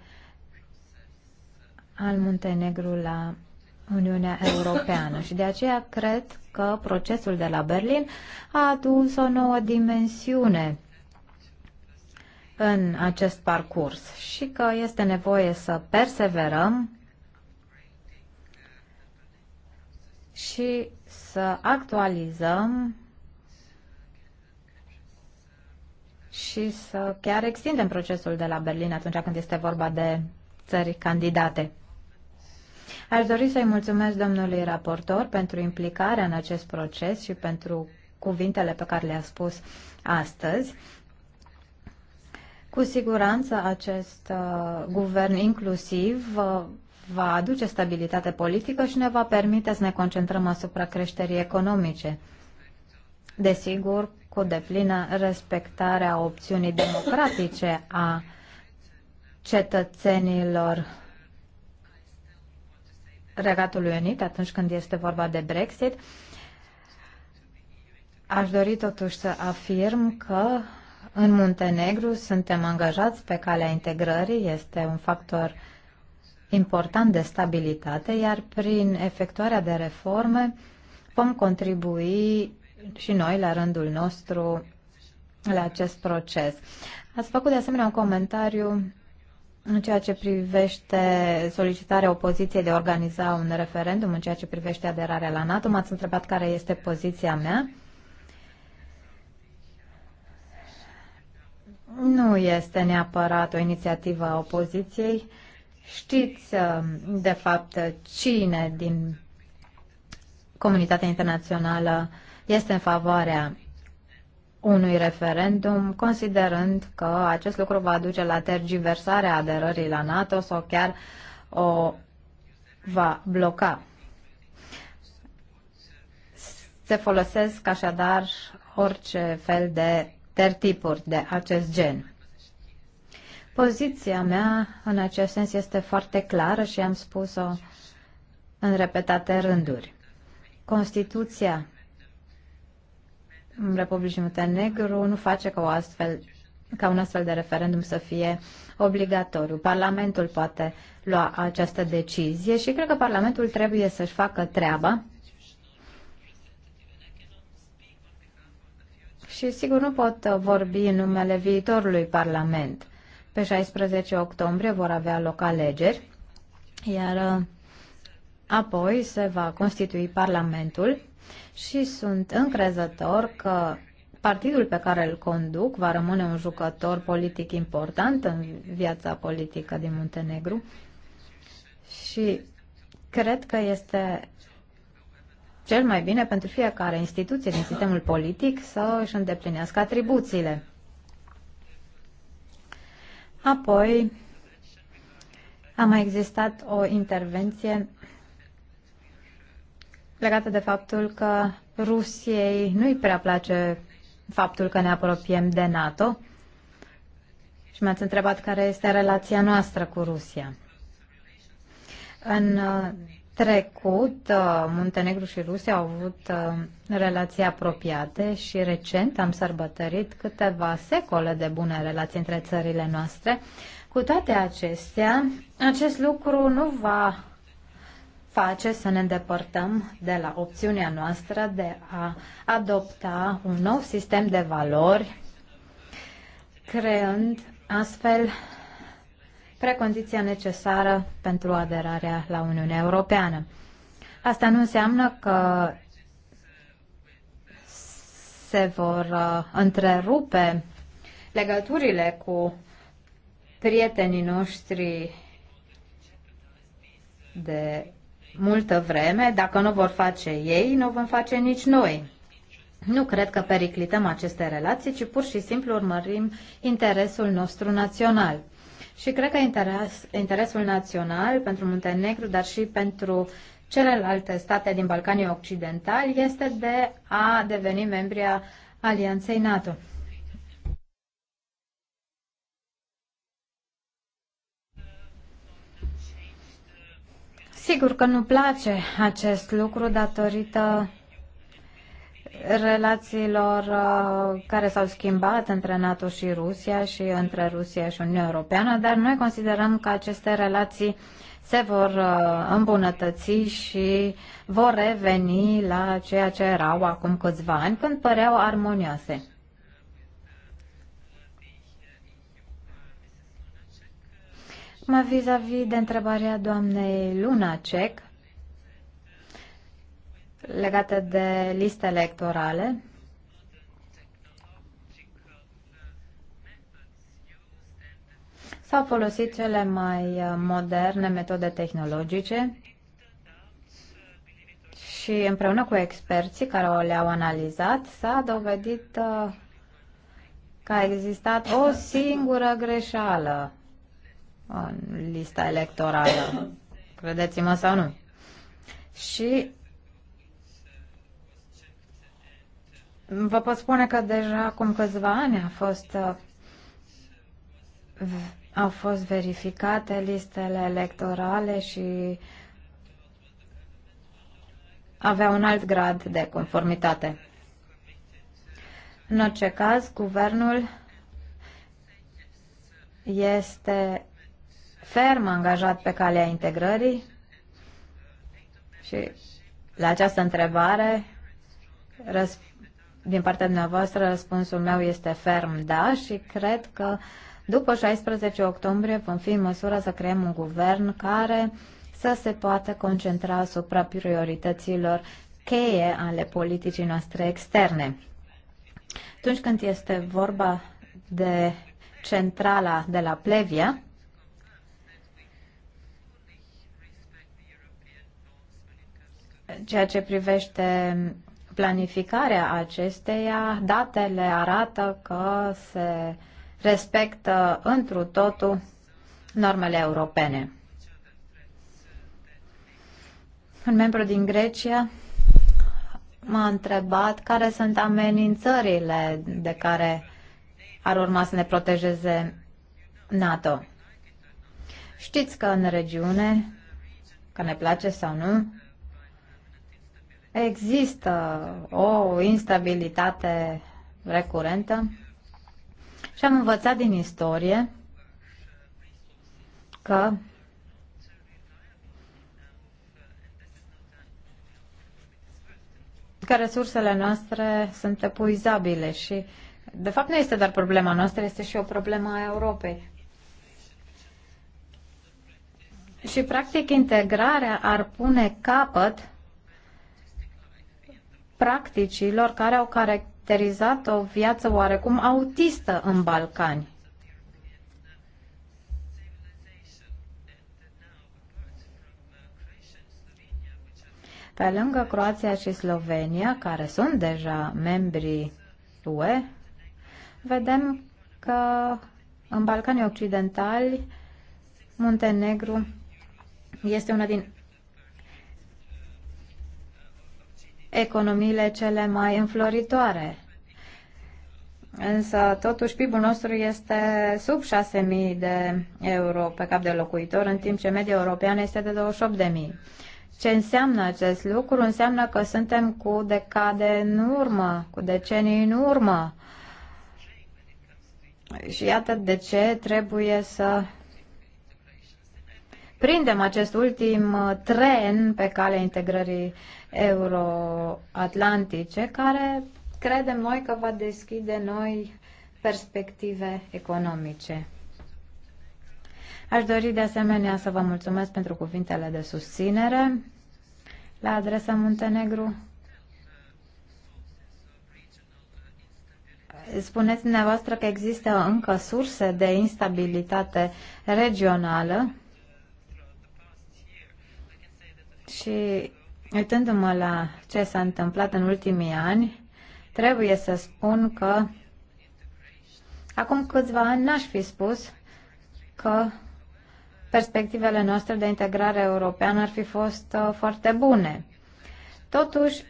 al Muntenegru la Uniunea Europeană și de aceea cred că procesul de la Berlin a adus o nouă dimensiune în acest parcurs și că este nevoie să perseverăm și să actualizăm și să chiar extindem procesul de la Berlin atunci când este vorba de țări candidate. Aș dori să-i mulțumesc domnului raportor pentru implicarea în acest proces și pentru cuvintele pe care le-a spus astăzi. Cu siguranță acest uh, guvern inclusiv uh, va aduce stabilitate politică și ne va permite să ne concentrăm asupra creșterii economice. Desigur, cu deplină respectarea opțiunii democratice a cetățenilor Regatului Unit atunci când este vorba de Brexit. Aș dori totuși să afirm că în Muntenegru suntem angajați pe calea integrării, este un factor important de stabilitate, iar prin efectuarea de reforme vom contribui și noi, la rândul nostru, la acest proces. Ați făcut de asemenea un comentariu în ceea ce privește solicitarea opoziției de a organiza un referendum, în ceea ce privește aderarea la NATO, m-ați întrebat care este poziția mea. Nu este neapărat o inițiativă a opoziției. Știți, uh, de fapt, cine din comunitatea internațională este în favoarea unui referendum, considerând că acest lucru va duce la tergiversarea aderării la NATO sau chiar o va bloca. Se folosesc așadar orice fel de tertipuri de acest gen. Poziția mea în acest sens este foarte clară și am spus-o în repetate rânduri. Constituția Republicii Muntenegru nu face ca, o astfel, ca un astfel de referendum să fie obligatoriu. Parlamentul poate lua această decizie și cred că Parlamentul trebuie să-și facă treaba și sigur nu pot vorbi în numele viitorului Parlament. Pe 16 octombrie vor avea loc alegeri, iar uh, apoi se va constitui Parlamentul și sunt încrezător că partidul pe care îl conduc va rămâne un jucător politic important în viața politică din Muntenegru și cred că este cel mai bine pentru fiecare instituție din sistemul politic să își îndeplinească atribuțiile. Apoi a mai existat o intervenție legată de faptul că Rusiei nu-i prea place faptul că ne apropiem de NATO și m-ați întrebat care este relația noastră cu Rusia. În uh, trecut, uh, Muntenegru și Rusia au avut uh, relații apropiate și recent am sărbătorit câteva secole de bune relații între țările noastre. Cu toate acestea, acest lucru nu va face să ne îndepărtăm de la opțiunea noastră de a adopta un nou sistem de valori, creând astfel precondiția necesară pentru aderarea la Uniunea Europeană. Asta nu înseamnă că se vor uh, întrerupe legăturile cu prietenii noștri de multă vreme, dacă nu vor face ei, nu vom face nici noi. Nu cred că periclităm aceste relații, ci pur și simplu urmărim interesul nostru național. Și cred că interes, interesul național pentru Muntenegru, dar și pentru celelalte state din Balcanii Occidentali, este de a deveni membri a Alianței NATO. Sigur că nu place acest lucru datorită relațiilor uh, care s-au schimbat între NATO și Rusia și între Rusia și Uniunea Europeană, dar noi considerăm că aceste relații se vor uh, îmbunătăți și vor reveni la ceea ce erau acum câțiva ani, când păreau armonioase. Mă vis-a-vis -vis de întrebarea doamnei Lunacek legată de liste electorale. S-au folosit cele mai moderne metode tehnologice și împreună cu experții care le-au analizat s-a dovedit uh, că a existat o singură greșeală în lista electorală. Credeți-mă sau nu. Și vă pot spune că deja acum câțiva ani a fost, uh, au fost verificate listele electorale și avea un alt grad de conformitate. În orice caz, guvernul este ferm angajat pe calea integrării? Și la această întrebare, din partea dumneavoastră, răspunsul meu este ferm da și cred că după 16 octombrie vom fi în măsură să creăm un guvern care să se poată concentra asupra priorităților cheie ale politicii noastre externe. Atunci când este vorba de centrala de la Plevia, ceea ce privește planificarea acesteia, datele arată că se respectă întru totul normele europene. Un membru din Grecia m-a întrebat care sunt amenințările de care ar urma să ne protejeze NATO. Știți că în regiune, că ne place sau nu, Există o instabilitate recurentă și am învățat din istorie că că resursele noastre sunt epuizabile și de fapt nu este doar problema noastră, este și o problemă a Europei. Și practic integrarea ar pune capăt practicilor care au caracterizat o viață oarecum autistă în Balcani. Pe lângă Croația și Slovenia, care sunt deja membri UE, vedem că în Balcanii Occidentali Muntenegru este una din economiile cele mai înfloritoare. Însă, totuși, PIB-ul nostru este sub 6.000 de euro pe cap de locuitor, în timp ce media europeană este de 28.000. Ce înseamnă acest lucru? Înseamnă că suntem cu decade în urmă, cu decenii în urmă. Și iată de ce trebuie să prindem acest ultim uh, tren pe calea integrării euroatlantice, care credem noi că va deschide noi perspective economice. Aș dori de asemenea să vă mulțumesc pentru cuvintele de susținere la adresa Muntenegru. Spuneți dumneavoastră că există încă surse de instabilitate regională și uitându-mă la ce s-a întâmplat în ultimii ani, trebuie să spun că acum câțiva ani n-aș fi spus că perspectivele noastre de integrare europeană ar fi fost uh, foarte bune. Totuși,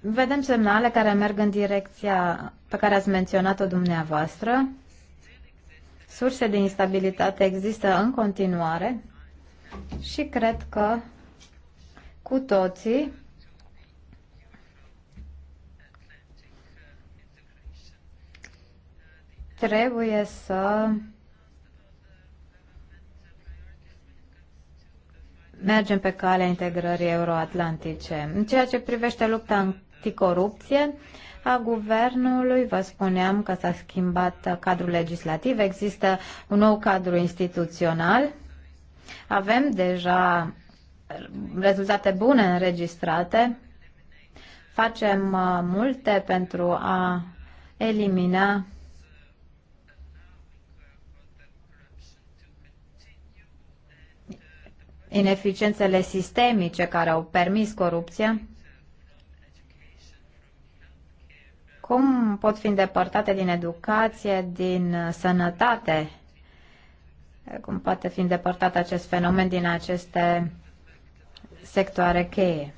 vedem semnale care merg în direcția pe care ați menționat-o dumneavoastră. Surse de instabilitate există în continuare și cred că cu toții trebuie să mergem pe calea integrării euroatlantice. În ceea ce privește lupta anticorupție, a guvernului, vă spuneam că s-a schimbat cadrul legislativ, există un nou cadru instituțional, avem deja rezultate bune înregistrate. Facem uh, multe pentru a elimina ineficiențele sistemice care au permis corupția? Cum pot fi îndepărtate din educație, din sănătate? Cum poate fi îndepărtat acest fenomen din aceste sectoare cheie.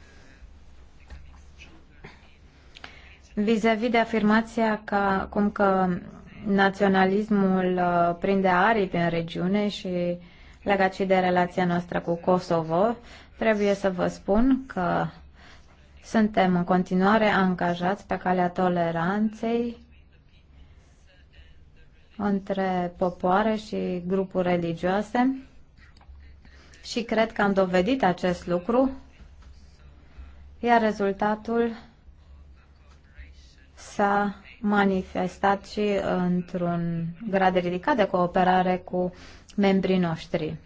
Vis-a-vis -vis de afirmația că, cum că naționalismul uh, prinde aripi în regiune și legat și de relația noastră cu Kosovo, trebuie să vă spun că suntem în continuare angajați pe calea toleranței între popoare și grupuri religioase și cred că am dovedit acest lucru, iar rezultatul s-a manifestat și într-un grad ridicat de cooperare cu membrii noștri.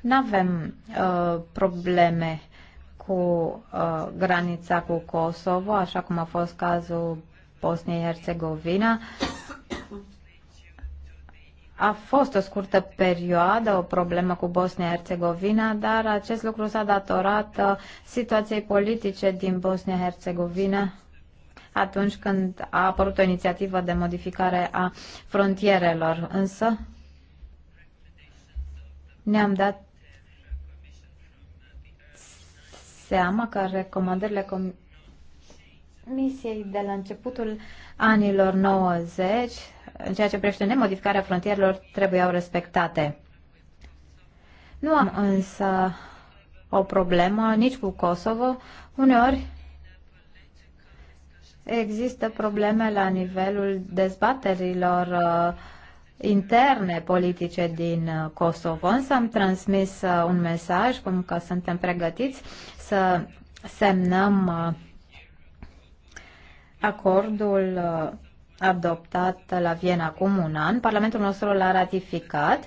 Nu avem uh, probleme cu uh, granița cu Kosovo, așa cum a fost cazul Bosniei-Herzegovina. A fost o scurtă perioadă o problemă cu Bosnia-Herzegovina, dar acest lucru s-a datorat uh, situației politice din Bosnia-Herzegovina atunci când a apărut o inițiativă de modificare a frontierelor. Însă ne-am dat seama că recomandările Comisiei de la începutul anilor 90 în ceea ce privește nemodificarea frontierelor trebuiau respectate. Nu am însă o problemă nici cu Kosovo. Uneori există probleme la nivelul dezbaterilor uh, interne politice din uh, Kosovo, însă am transmis uh, un mesaj cum că suntem pregătiți să semnăm uh, acordul adoptat la Viena acum un an. Parlamentul nostru l-a ratificat.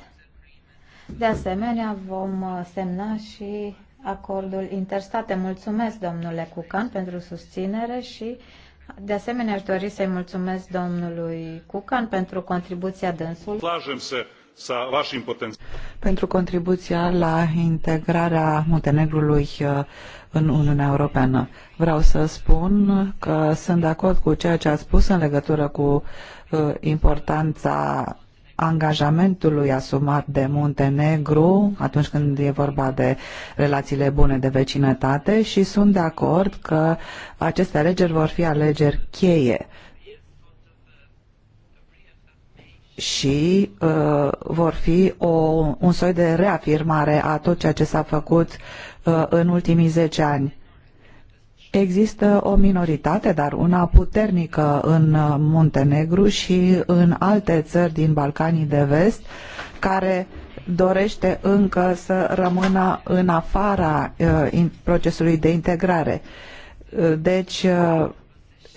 De asemenea, vom semna și acordul interstate. Mulțumesc, domnule Cucan, pentru susținere și, de asemenea, aș dori să-i mulțumesc domnului Cucan pentru contribuția dânsului sa vašim Pentru contribuția la integrarea Muntenegrului uh, în Uniunea Europeană. Vreau să spun că sunt de acord cu ceea ce a spus în legătură cu uh, importanța angajamentului asumat de Muntenegru atunci când e vorba de relațiile bune de vecinătate și sunt de acord că aceste alegeri vor fi alegeri cheie și uh, vor fi o, un soi de reafirmare a tot ceea ce s-a făcut uh, în ultimii 10 ani. Există o minoritate, dar una puternică în uh, Muntenegru și în alte țări din Balcanii de Vest, care dorește încă să rămână în afara uh, procesului de integrare. Uh, deci, uh,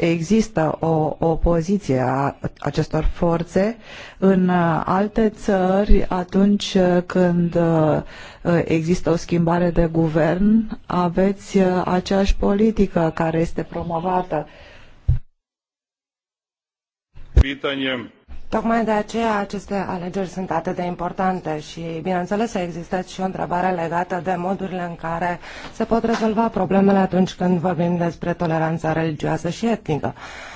există o opoziție a acestor forțe în uh, alte țări atunci când uh, uh, există o schimbare de guvern aveți aceeași politică care este promovată. Tocmai de aceea aceste alegeri sunt atât de importante și, bineînțeles, a existat și o întrebare legată de modurile în care se pot rezolva problemele atunci când vorbim despre toleranța religioasă și etnică.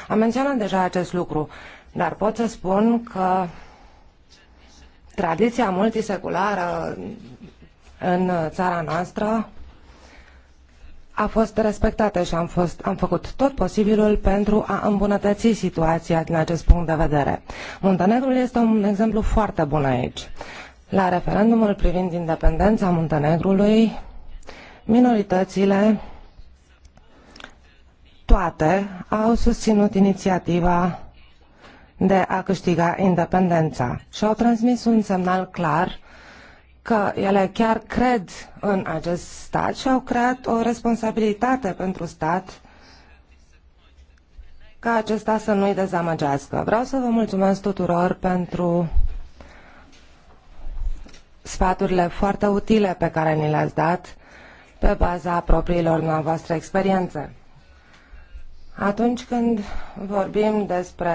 Am menționat deja acest lucru, dar pot să spun că tradiția multiseculară în țara noastră a fost respectată și am, fost, am făcut tot posibilul pentru a îmbunătăți situația din acest punct de vedere. Muntenegrul este un exemplu foarte bun aici. La referendumul privind independența Muntenegrului, minoritățile toate au susținut inițiativa de a câștiga independența și au transmis un semnal clar că ele chiar cred în acest stat și au creat o responsabilitate pentru stat ca acesta să nu-i dezamăgească. Vreau să vă mulțumesc tuturor pentru sfaturile foarte utile pe care ni le-ați dat pe baza propriilor noastre experiențe. Atunci când vorbim despre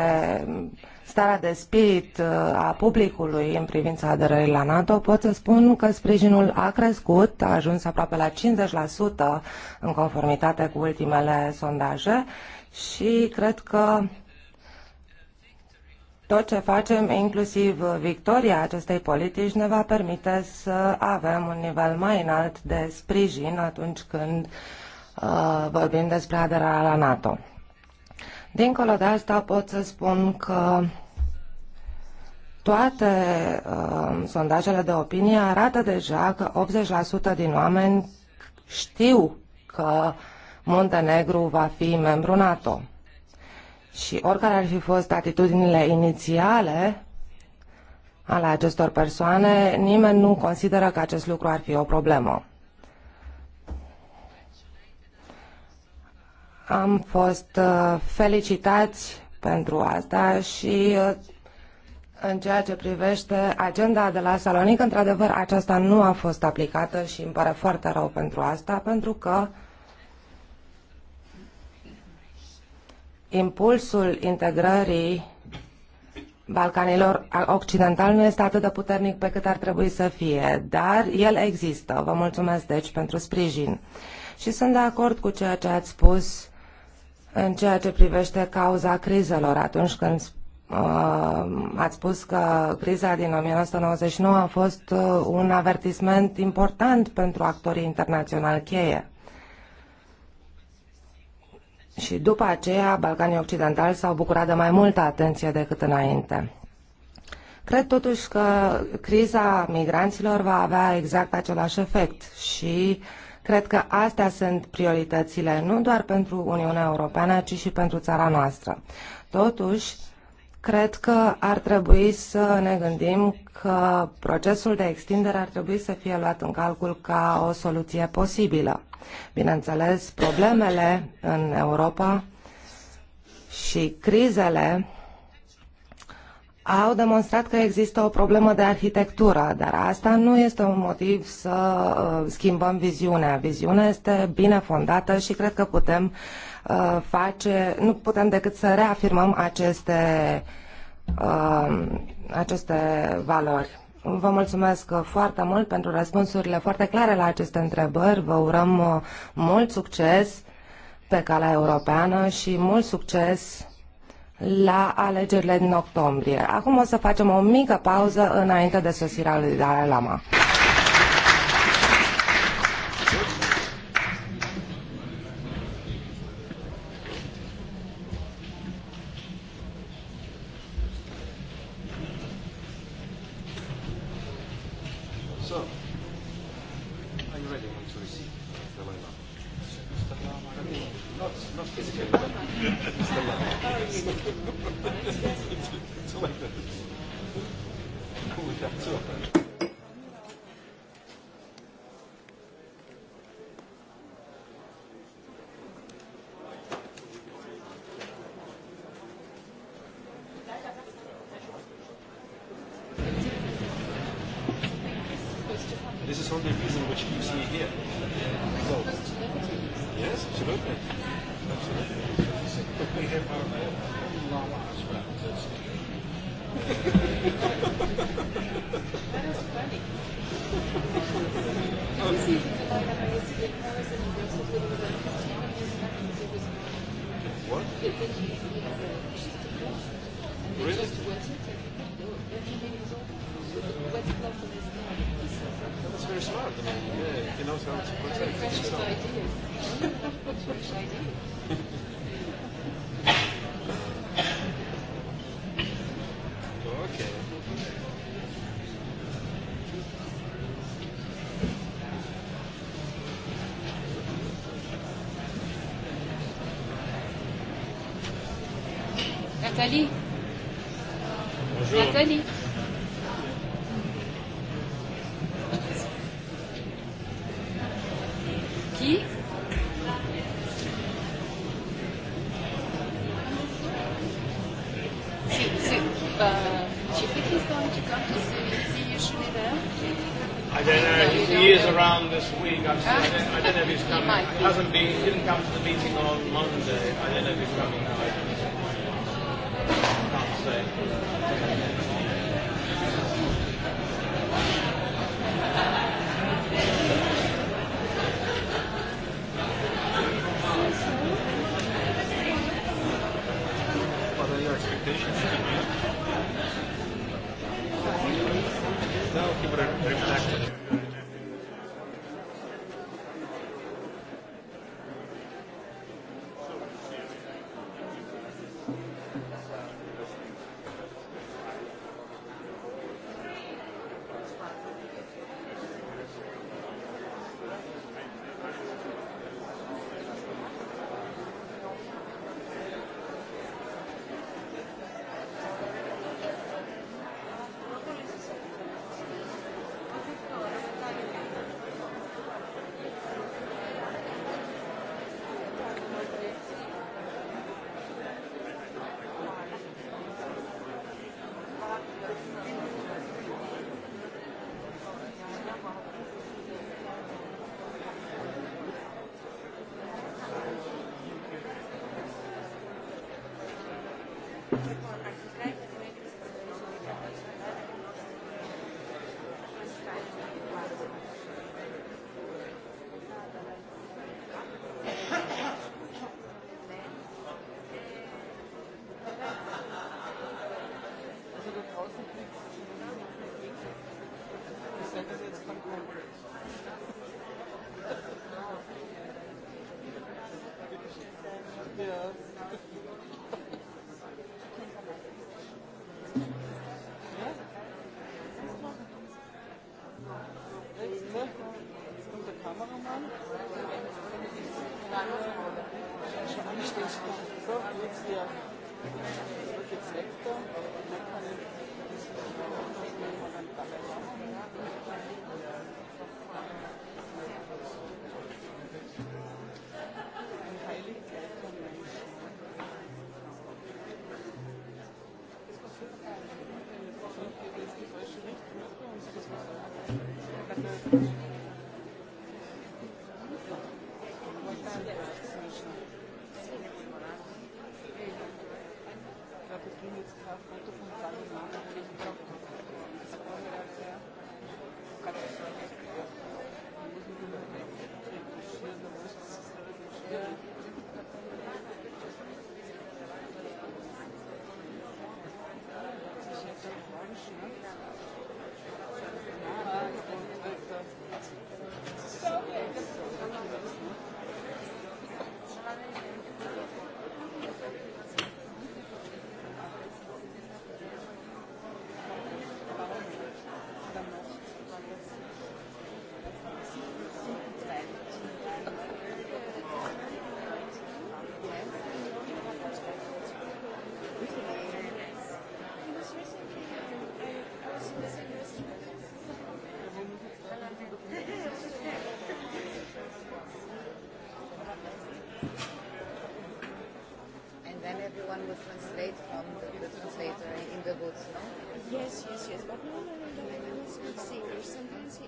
starea de spirit uh, a publicului în privința aderării la NATO, pot să spun că sprijinul a crescut, a ajuns aproape la 50% în conformitate cu ultimele sondaje și cred că tot ce facem, inclusiv victoria acestei politici, ne va permite să avem un nivel mai înalt de sprijin atunci când uh, vorbim despre aderarea la NATO. Dincolo de asta pot să spun că toate uh, sondajele de opinie arată deja că 80% din oameni știu că Muntenegru va fi membru NATO. Și oricare ar fi fost atitudinile inițiale ale acestor persoane, nimeni nu consideră că acest lucru ar fi o problemă. Am fost uh, felicitați pentru asta și uh, în ceea ce privește agenda de la Salonic, într-adevăr, aceasta nu a fost aplicată și îmi pare foarte rău pentru asta, pentru că impulsul integrării Balcanilor Occidental nu este atât de puternic pe cât ar trebui să fie, dar el există. Vă mulțumesc, deci, pentru sprijin. Și sunt de acord cu ceea ce ați spus în ceea ce privește cauza crizelor atunci când Uh, ați spus că criza din 1999 a fost uh, un avertisment important pentru actorii internaționali cheie. Și după aceea, Balcanii Occidentali s-au bucurat de mai multă atenție decât înainte. Cred totuși că criza migranților va avea exact același efect și cred că astea sunt prioritățile nu doar pentru Uniunea Europeană, ci și pentru țara noastră. Totuși, cred că ar trebui să ne gândim că procesul de extindere ar trebui să fie luat în calcul ca o soluție posibilă. Bineînțeles, problemele în Europa și crizele au demonstrat că există o problemă de arhitectură, dar asta nu este un motiv să uh, schimbăm viziunea. Viziunea este bine fondată și cred că putem uh, Uh, face, nu putem decât să reafirmăm aceste, uh, aceste valori. Vă mulțumesc foarte mult pentru răspunsurile foarte clare la aceste întrebări. Vă urăm uh, mult succes pe calea europeană și mult succes la alegerile din octombrie. Acum o să facem o mică pauză înainte de sosirea lui Dalai Lama. Fraktion. Italie one would translate from the translator in the books, no? Yes, yes, yes. But no, no, no. no. see sometimes he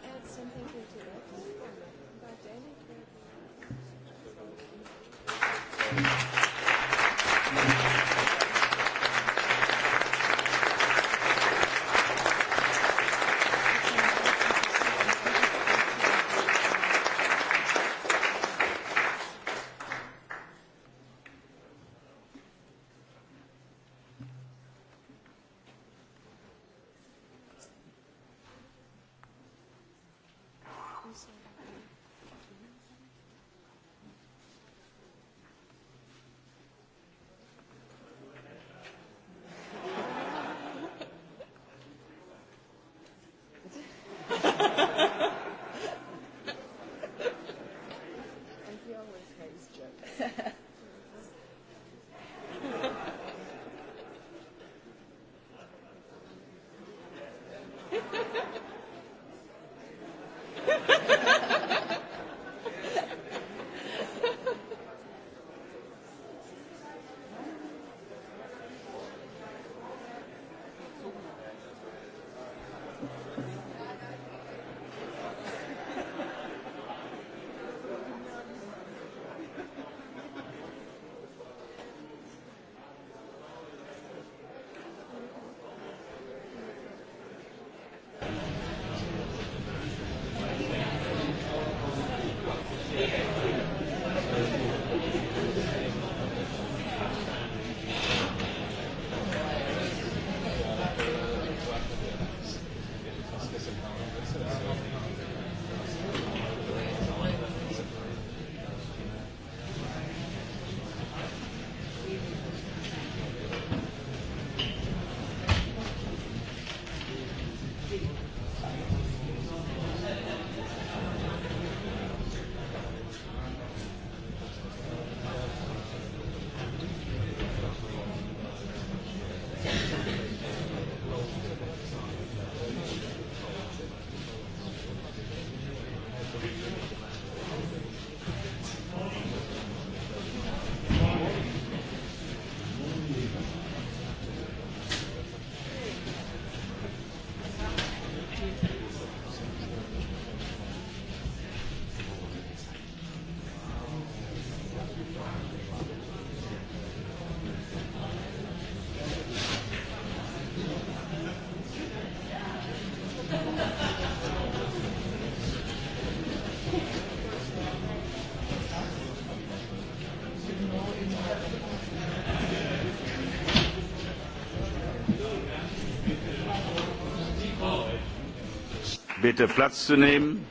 bitte Platz zu nehmen.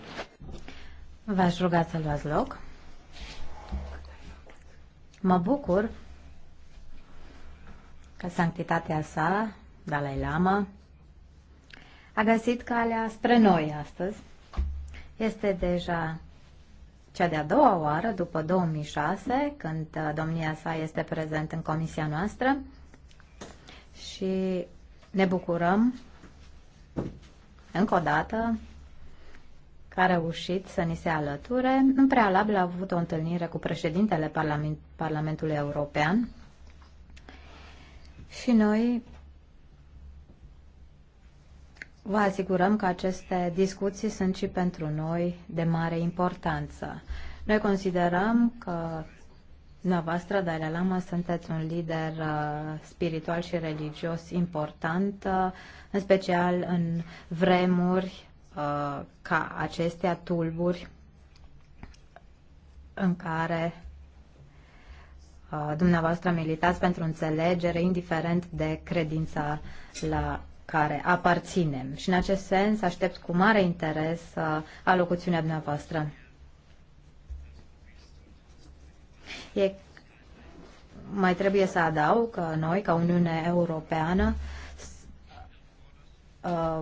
V-aș ruga să luați loc. Mă bucur că sanctitatea sa, Dalai Lama, a găsit calea spre noi astăzi. Este deja cea de-a doua oară, după 2006, când uh, domnia sa este prezent în comisia noastră și ne bucurăm încă o dată, că a reușit să ni se alăture. În prealabil a avut o întâlnire cu președintele Parlament Parlamentului European și noi Vă asigurăm că aceste discuții sunt și pentru noi de mare importanță. Noi considerăm că Dumneavoastră, Dalai Lama, sunteți un lider uh, spiritual și religios important, uh, în special în vremuri uh, ca acestea, tulburi, în care dumneavoastră militați pentru înțelegere, indiferent de credința la care aparținem. Și în acest sens aștept cu mare interes alocuțiunea dumneavoastră. E, mai trebuie să adaug că noi, ca Uniune Europeană, uh,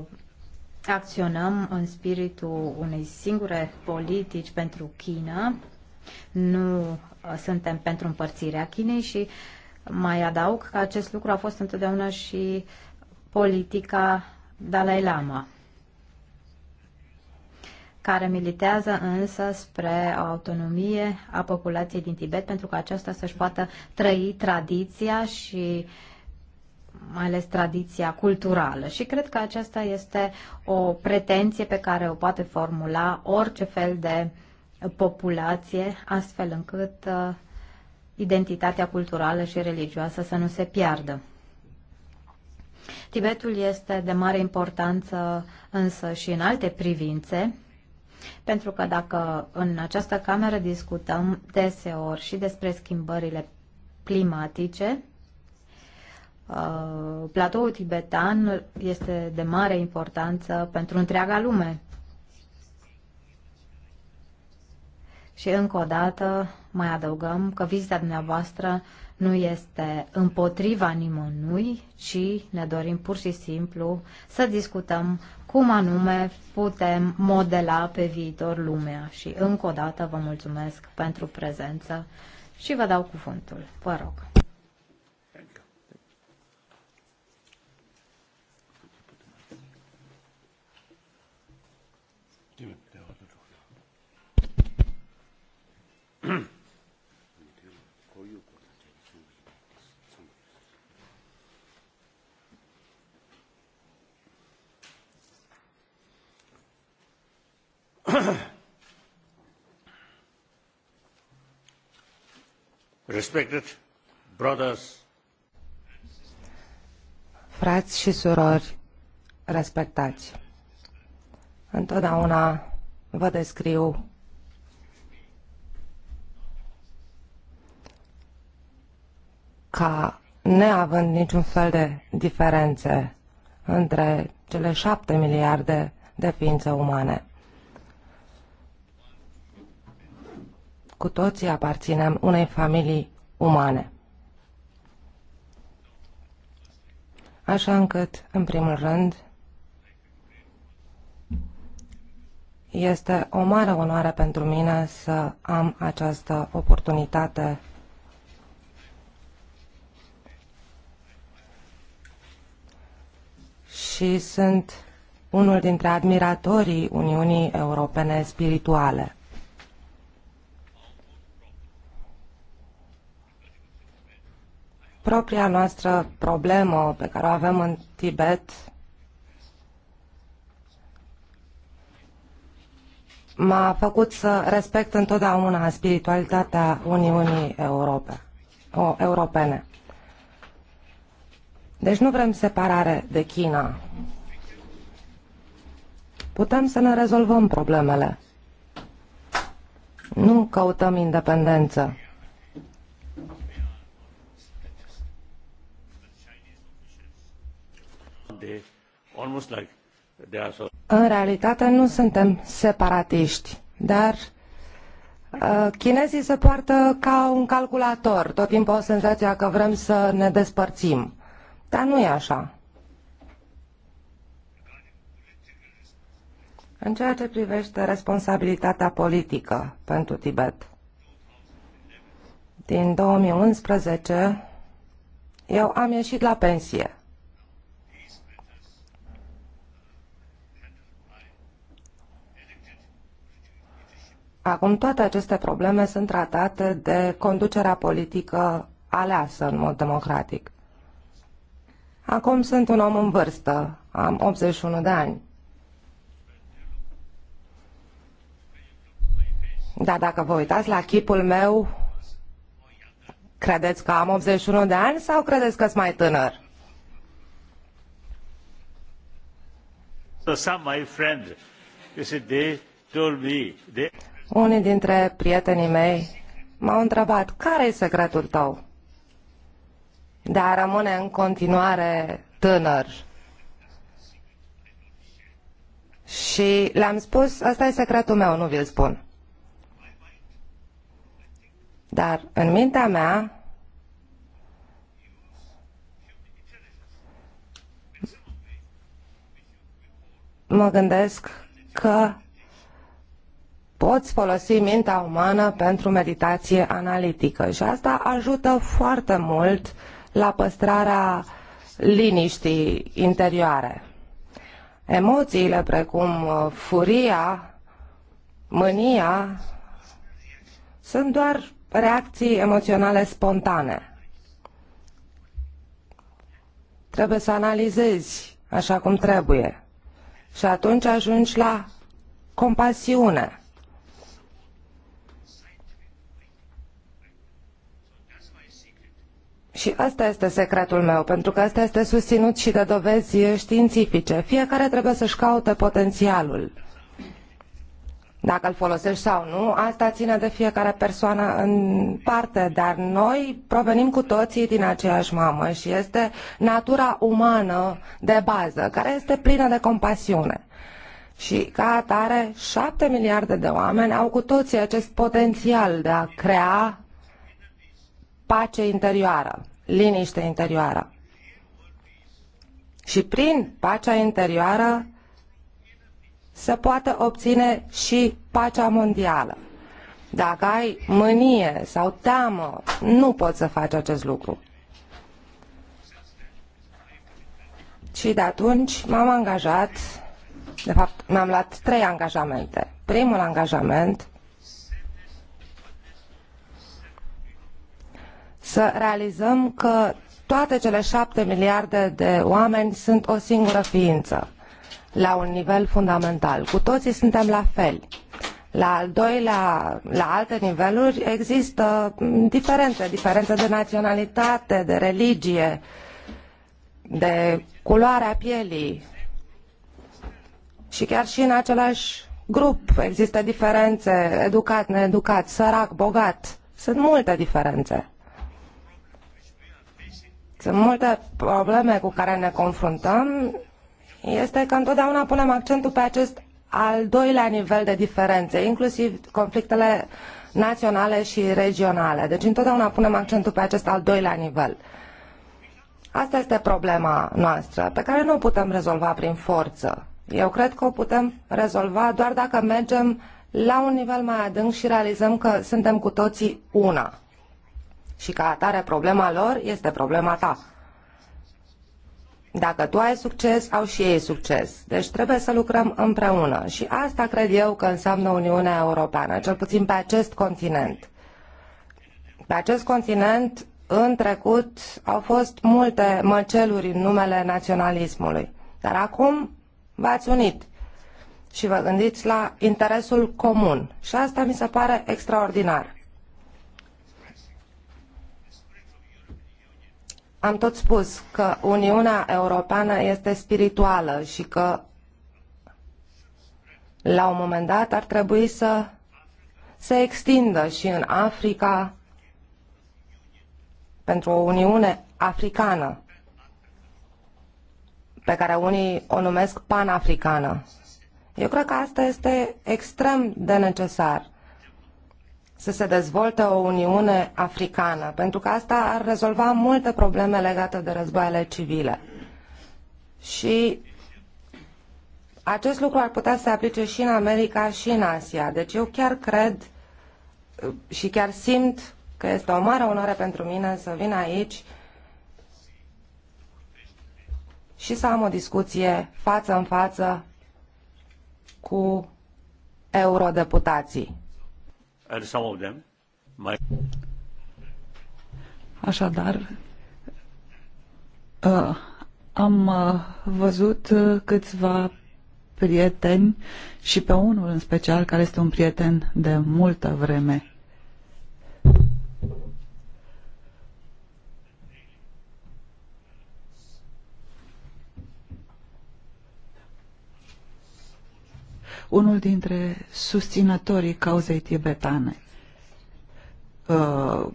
acționăm în spiritul unei singure politici pentru China, nu uh, suntem pentru împărțirea Chinei și mai adaug că acest lucru a fost întotdeauna și politica Dalai Lama care militează însă spre o autonomie a populației din Tibet pentru că aceasta să-și poată trăi tradiția și mai ales tradiția culturală. Și cred că aceasta este o pretenție pe care o poate formula orice fel de populație, astfel încât uh, identitatea culturală și religioasă să nu se piardă. Tibetul este de mare importanță însă și în alte privințe, pentru că dacă în această cameră discutăm deseori și despre schimbările climatice, uh, platoul tibetan este de mare importanță pentru întreaga lume. Și încă o dată mai adăugăm că vizita dumneavoastră nu este împotriva nimănui, ci ne dorim pur și simplu să discutăm cum anume putem modela pe viitor lumea. Și încă o dată vă mulțumesc pentru prezență și vă dau cuvântul. Vă rog. Mm-hmm. respected brothers frați și surori respectați întotdeauna vă descriu ca neavând niciun fel de diferențe între cele șapte miliarde de ființe umane. cu toții aparținem unei familii umane. Așa încât, în primul rând, este o mare onoare pentru mine să am această oportunitate și sunt unul dintre admiratorii Uniunii Europene Spirituale. propria noastră problemă pe care o avem în Tibet m-a făcut să respect întotdeauna spiritualitatea Uniunii Europe, o, Europene. Deci nu vrem separare de China. Putem să ne rezolvăm problemele. Nu căutăm independență. în realitate nu suntem separatiști, dar uh, chinezii se poartă ca un calculator. Tot timpul au senzația că vrem să ne despărțim. Dar nu e așa. În ceea ce privește responsabilitatea politică pentru Tibet, din 2011 eu am ieșit la pensie. Acum toate aceste probleme sunt tratate de conducerea politică aleasă în mod democratic. Acum sunt un om în vârstă, am 81 de ani. Da, dacă vă uitați la chipul meu, credeți că am 81 de ani sau credeți că sunt mai tânăr? So some my friend, you see, they told me, they... Unii dintre prietenii mei m-au întrebat, care e secretul tău? De a rămâne în continuare tânăr. Și le-am spus, asta e secretul meu, nu vi-l spun. Dar în mintea mea, mă gândesc că poți folosi mintea umană pentru meditație analitică și asta ajută foarte mult la păstrarea liniștii interioare. Emoțiile precum uh, furia, mânia, sunt doar reacții emoționale spontane. Trebuie să analizezi așa cum trebuie și atunci ajungi la compasiune Și asta este secretul meu, pentru că asta este susținut și de dovezi științifice. Fiecare trebuie să-și caute potențialul. Dacă îl folosești sau nu, asta ține de fiecare persoană în parte, dar noi provenim cu toții din aceeași mamă și este natura umană de bază, care este plină de compasiune. Și ca atare, șapte miliarde de oameni au cu toții acest potențial de a crea pace interioară, liniște interioară. Și prin pacea interioară se poate obține și pacea mondială. Dacă ai mânie sau teamă, nu poți să faci acest lucru. Și de atunci m-am angajat, de fapt mi-am luat trei angajamente. Primul angajament să realizăm că toate cele șapte miliarde de oameni sunt o singură ființă, la un nivel fundamental. Cu toții suntem la fel. La al doilea, la alte niveluri există diferențe, diferențe de naționalitate, de religie, de culoarea pielii. Și chiar și în același grup există diferențe, educat, needucat, sărac, bogat. Sunt multe diferențe multe probleme cu care ne confruntăm este că întotdeauna punem accentul pe acest al doilea nivel de diferențe, inclusiv conflictele naționale și regionale. Deci întotdeauna punem accentul pe acest al doilea nivel. Asta este problema noastră, pe care nu o putem rezolva prin forță. Eu cred că o putem rezolva doar dacă mergem la un nivel mai adânc și realizăm că suntem cu toții una. Și ca atare problema lor este problema ta. Dacă tu ai succes, au și ei succes. Deci trebuie să lucrăm împreună. Și asta cred eu că înseamnă Uniunea Europeană, cel puțin pe acest continent. Pe acest continent, în trecut, au fost multe măceluri în numele naționalismului. Dar acum v-ați unit și vă gândiți la interesul comun. Și asta mi se pare extraordinar. am tot spus că Uniunea Europeană este spirituală și că la un moment dat ar trebui să se extindă și în Africa pentru o Uniune africană pe care unii o numesc panafricană. Eu cred că asta este extrem de necesar să se dezvolte o Uniune Africană, pentru că asta ar rezolva multe probleme legate de războaiele civile. Și acest lucru ar putea să se aplice și în America și în Asia. Deci eu chiar cred și chiar simt că este o mare onoare pentru mine să vin aici și să am o discuție față în față cu eurodeputații. Așadar, uh, am uh, văzut uh, câțiva prieteni și pe unul în special care este un prieten de multă vreme. unul dintre susținătorii cauzei tibetane. Uh,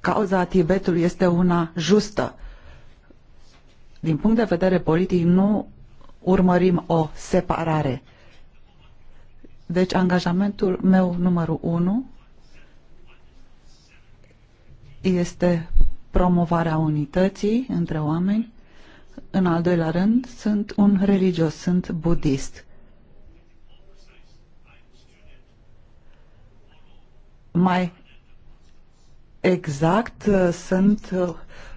cauza Tibetului este una justă. Din punct de vedere politic, nu urmărim o separare. Deci, angajamentul meu numărul unu este promovarea unității între oameni. În al doilea rând, sunt un religios, sunt budist. Mai exact, uh, sunt uh,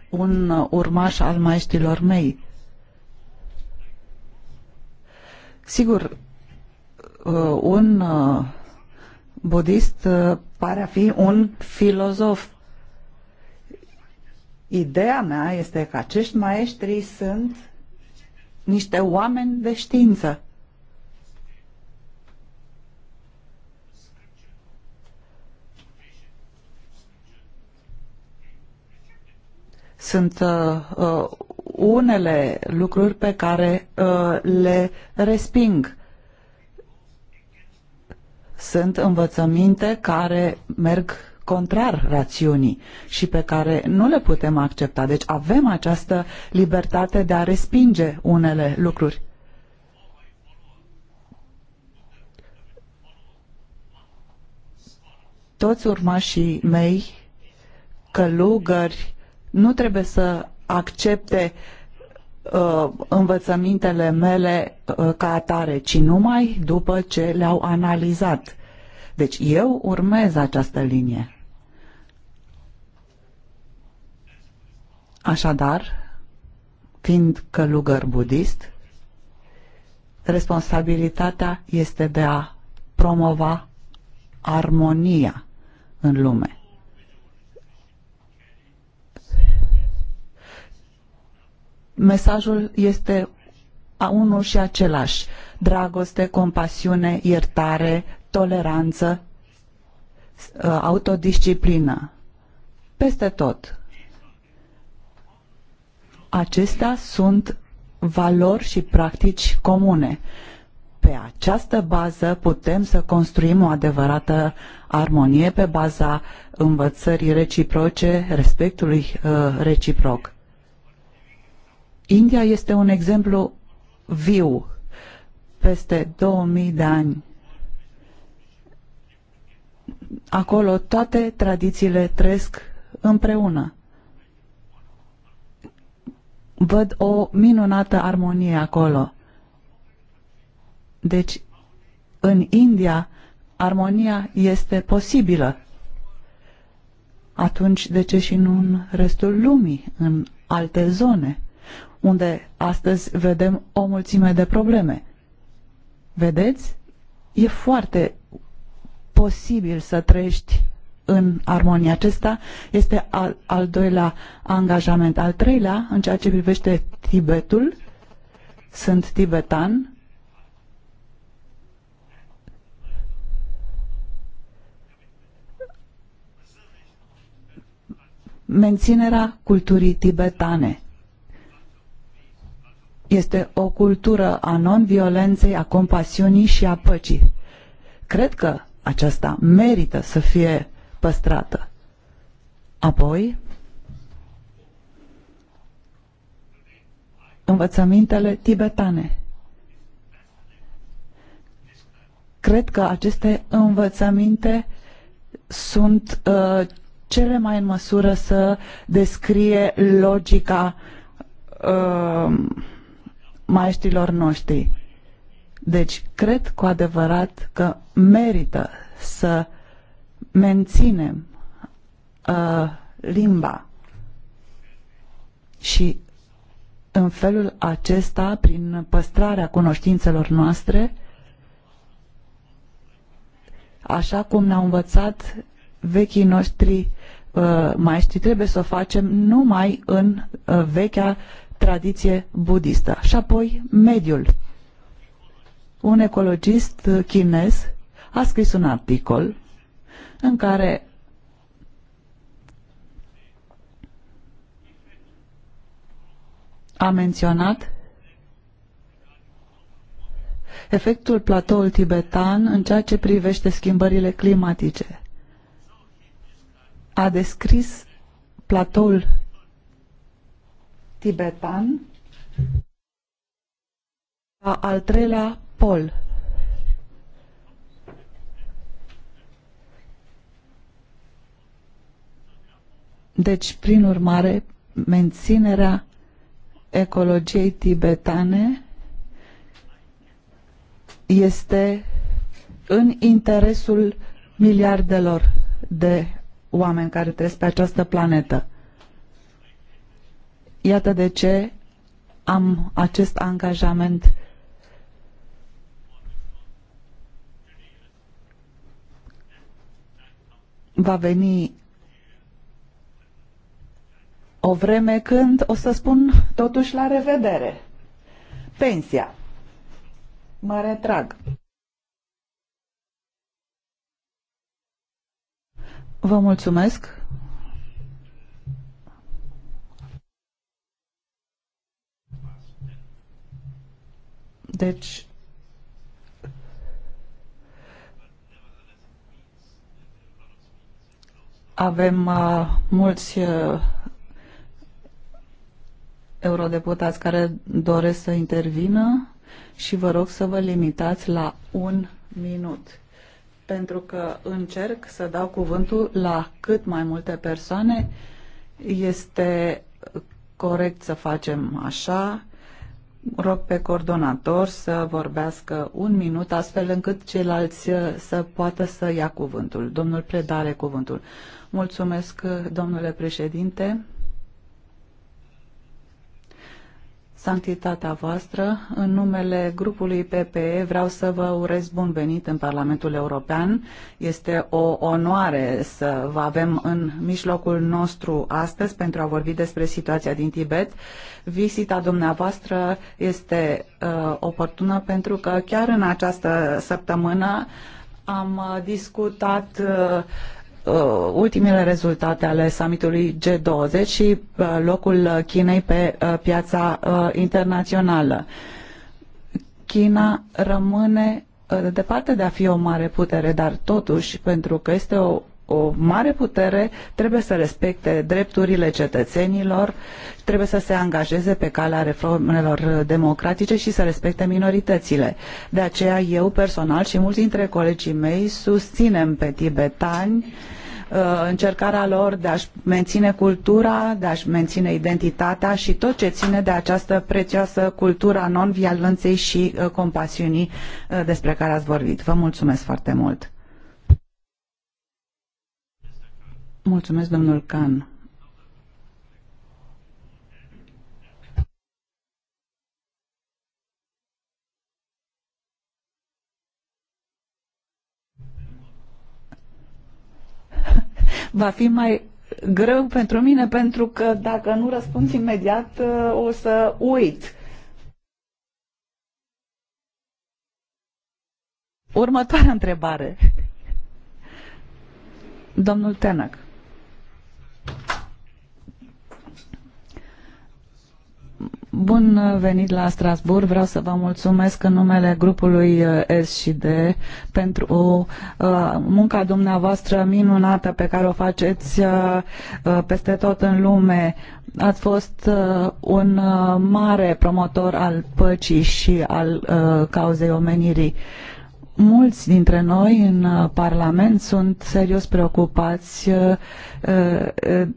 un urmaș al maestrilor mei. Sigur, uh, un budist pare a fi un filozof. Ideea mea este că acești maestri sunt niște oameni de știință. Sunt uh, uh, unele lucruri pe care uh, le resping. Sunt învățăminte care merg contrar rațiunii și pe care nu le putem accepta. Deci avem această libertate de a respinge unele lucruri. Toți urmașii mei, călugări, nu trebuie să accepte uh, învățămintele mele uh, ca atare, ci numai după ce le-au analizat. Deci eu urmez această linie. Așadar, fiind călugăr budist, responsabilitatea este de a promova armonia în lume. mesajul este a unul și același. Dragoste, compasiune, iertare, toleranță, uh, autodisciplină. Peste tot. Acestea sunt valori și practici comune. Pe această bază putem să construim o adevărată armonie pe baza învățării reciproce, respectului uh, reciproc India este un exemplu viu. Peste 2000 de ani acolo toate tradițiile trăiesc împreună. Văd o minunată armonie acolo. Deci, în India, armonia este posibilă. Atunci, de ce și nu în restul lumii, în alte zone? unde astăzi vedem o mulțime de probleme. Vedeți? E foarte posibil să trăiești în armonie. Acesta este al, al doilea angajament. Al treilea, în ceea ce privește Tibetul, sunt tibetan. Menținerea culturii tibetane. Este o cultură a non-violenței, a compasiunii și a păcii. Cred că aceasta merită să fie păstrată. Apoi, învățămintele tibetane. Cred că aceste învățăminte sunt uh, cele mai în măsură să descrie logica uh, maestrilor noștri. Deci, cred cu adevărat că merită să menținem uh, limba și în felul acesta, prin păstrarea cunoștințelor noastre, așa cum ne-au învățat vechii noștri uh, maestri, trebuie să o facem numai în uh, vechea tradiție budistă. Și apoi mediul. Un ecologist chinez a scris un articol în care a menționat efectul platoul tibetan în ceea ce privește schimbările climatice. A descris platoul tibetan, a al treilea pol. Deci, prin urmare, menținerea ecologiei tibetane este în interesul miliardelor de oameni care trăiesc pe această planetă. Iată de ce am acest angajament va veni o vreme când o să spun totuși la revedere. Pensia. Mă retrag. Vă mulțumesc. Deci, avem uh, mulți uh, eurodeputați care doresc să intervină și vă rog să vă limitați la un minut pentru că încerc să dau cuvântul la cât mai multe persoane. Este corect să facem așa rog pe coordonator să vorbească un minut, astfel încât ceilalți uh, să poată să ia cuvântul. Domnul Predare cuvântul. Mulțumesc, uh, domnule președinte. sanctitatea voastră, în numele grupului PPE vreau să vă urez bun venit în Parlamentul European. Este o onoare să vă avem în mijlocul nostru astăzi pentru a vorbi despre situația din Tibet. Vizita dumneavoastră este uh, oportună pentru că chiar în această săptămână am uh, discutat uh, Uh, ultimele rezultate ale summitului G20 și uh, locul Chinei pe uh, piața internațională. China rămâne departe de a fi o mare putere, dar totuși, pentru că este o o mare putere trebuie să respecte drepturile cetățenilor, trebuie să se angajeze pe calea reformelor democratice și să respecte minoritățile. De aceea eu personal și mulți dintre colegii mei susținem pe tibetani uh, încercarea lor de a-și menține cultura, de a-și menține identitatea și tot ce ține de această prețioasă cultură a non-violenței și uh, compasiunii uh, despre care ați vorbit. Vă mulțumesc foarte mult! Mulțumesc, domnul Can. Va fi mai greu pentru mine pentru că dacă nu răspund imediat o să uit. Următoarea întrebare. Domnul Tenac. Bun venit la Strasbourg. Vreau să vă mulțumesc în numele grupului uh, S și D pentru uh, munca dumneavoastră minunată pe care o faceți uh, peste tot în lume. Ați fost un mare promotor al păcii și al cauzei omenirii mulți dintre noi în uh, Parlament sunt serios preocupați uh, uh,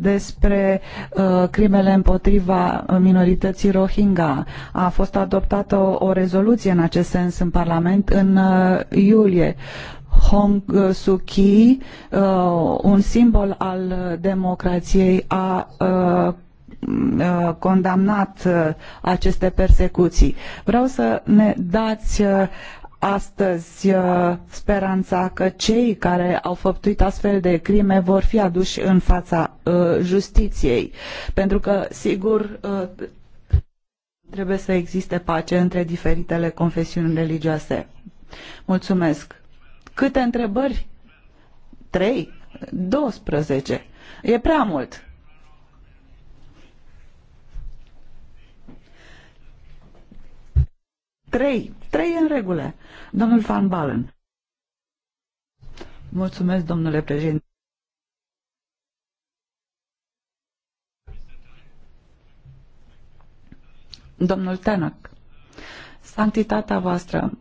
despre crimele împotriva minorității Rohingya. A fost adoptată o, o rezoluție în acest sens în Parlament în iulie. Hong Suu Kyi, un simbol al democrației, a condamnat aceste persecuții. Vreau să ne dați astăzi uh, speranța că cei care au făptuit astfel de crime vor fi aduși în fața uh, justiției. Pentru că, sigur, uh, trebuie să existe pace între diferitele confesiuni religioase. Mulțumesc. Câte întrebări? Trei? 12. E prea mult. Trei. Trei în regulă. Domnul Van Balen. Mulțumesc, domnule președinte. Domnul Tenac, sanctitatea voastră,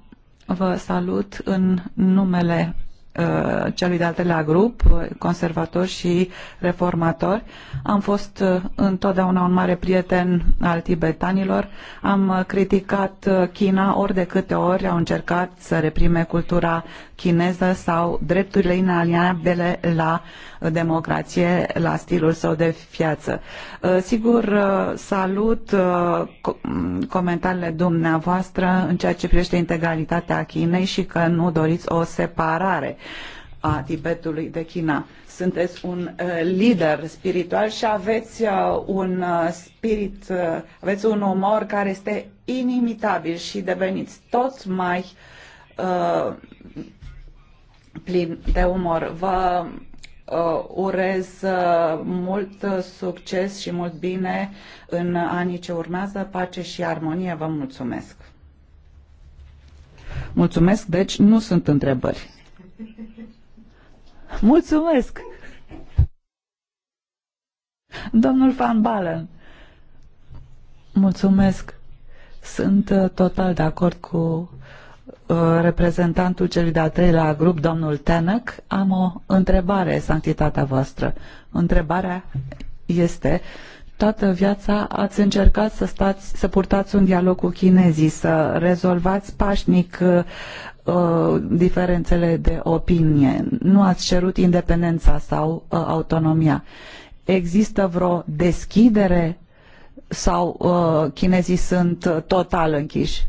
vă salut în numele Uh, celui de-al treilea grup, conservatori și reformatori. Am fost uh, întotdeauna un mare prieten al tibetanilor. Am criticat uh, China ori de câte ori au încercat să reprime cultura chineză sau drepturile inalienabile la uh, democrație, la stilul său de viață. Uh, sigur, uh, salut mm, comentariile dumneavoastră în ceea ce privește integralitatea Chinei și că nu doriți o separare a Tibetului de China. Sunteți un uh, lider spiritual și aveți uh, un uh, spirit, uh, aveți un umor care este inimitabil și deveniți tot mai uh, plin de umor. Vă uh, urez uh, mult uh, succes și mult bine în anii ce urmează, pace și armonie. Vă mulțumesc! Mulțumesc, deci nu sunt întrebări. Mulțumesc! Domnul Van Balen, mulțumesc! Sunt uh, total de acord cu Uh, reprezentantul celui de-al treilea grup, domnul Tenăc, am o întrebare, sanctitatea voastră. Întrebarea este, toată viața ați încercat să, stați, să purtați un dialog cu chinezii, să rezolvați pașnic uh, diferențele de opinie. Nu ați cerut independența sau uh, autonomia. Există vreo deschidere sau uh, chinezii sunt total închiși?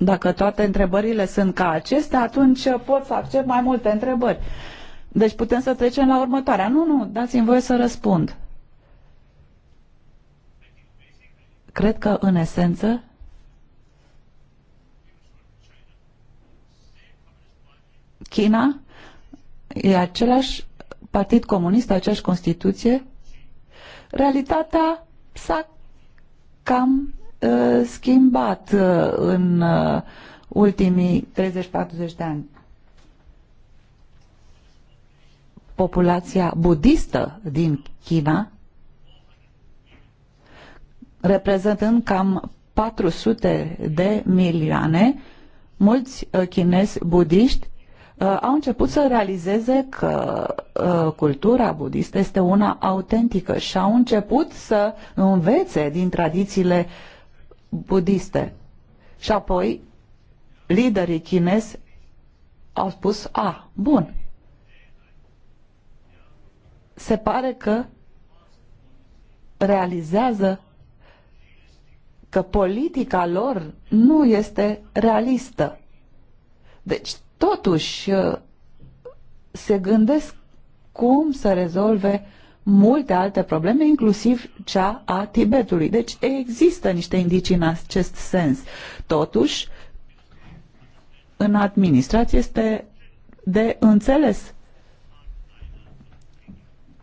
Dacă toate întrebările sunt ca acestea, atunci pot să accept mai multe întrebări. Deci putem să trecem la următoarea. Nu, nu, dați-mi voie să răspund. Cred că, în esență, China e același partid comunist, aceeași Constituție. Realitatea s-a cam Uh, schimbat uh, în uh, ultimii 30-40 de ani. Populația budistă din China, reprezentând cam 400 de milioane, mulți chinezi budiști au început să realizeze că cultura budistă este una autentică și au început să învețe din tradițiile uh, budiste. Și apoi liderii chinezi au spus, a, bun. Se pare că realizează că politica lor nu este realistă. Deci, totuși, se gândesc cum să rezolve multe alte probleme, inclusiv cea a Tibetului. Deci există niște indicii în acest sens. Totuși, în administrație este de înțeles.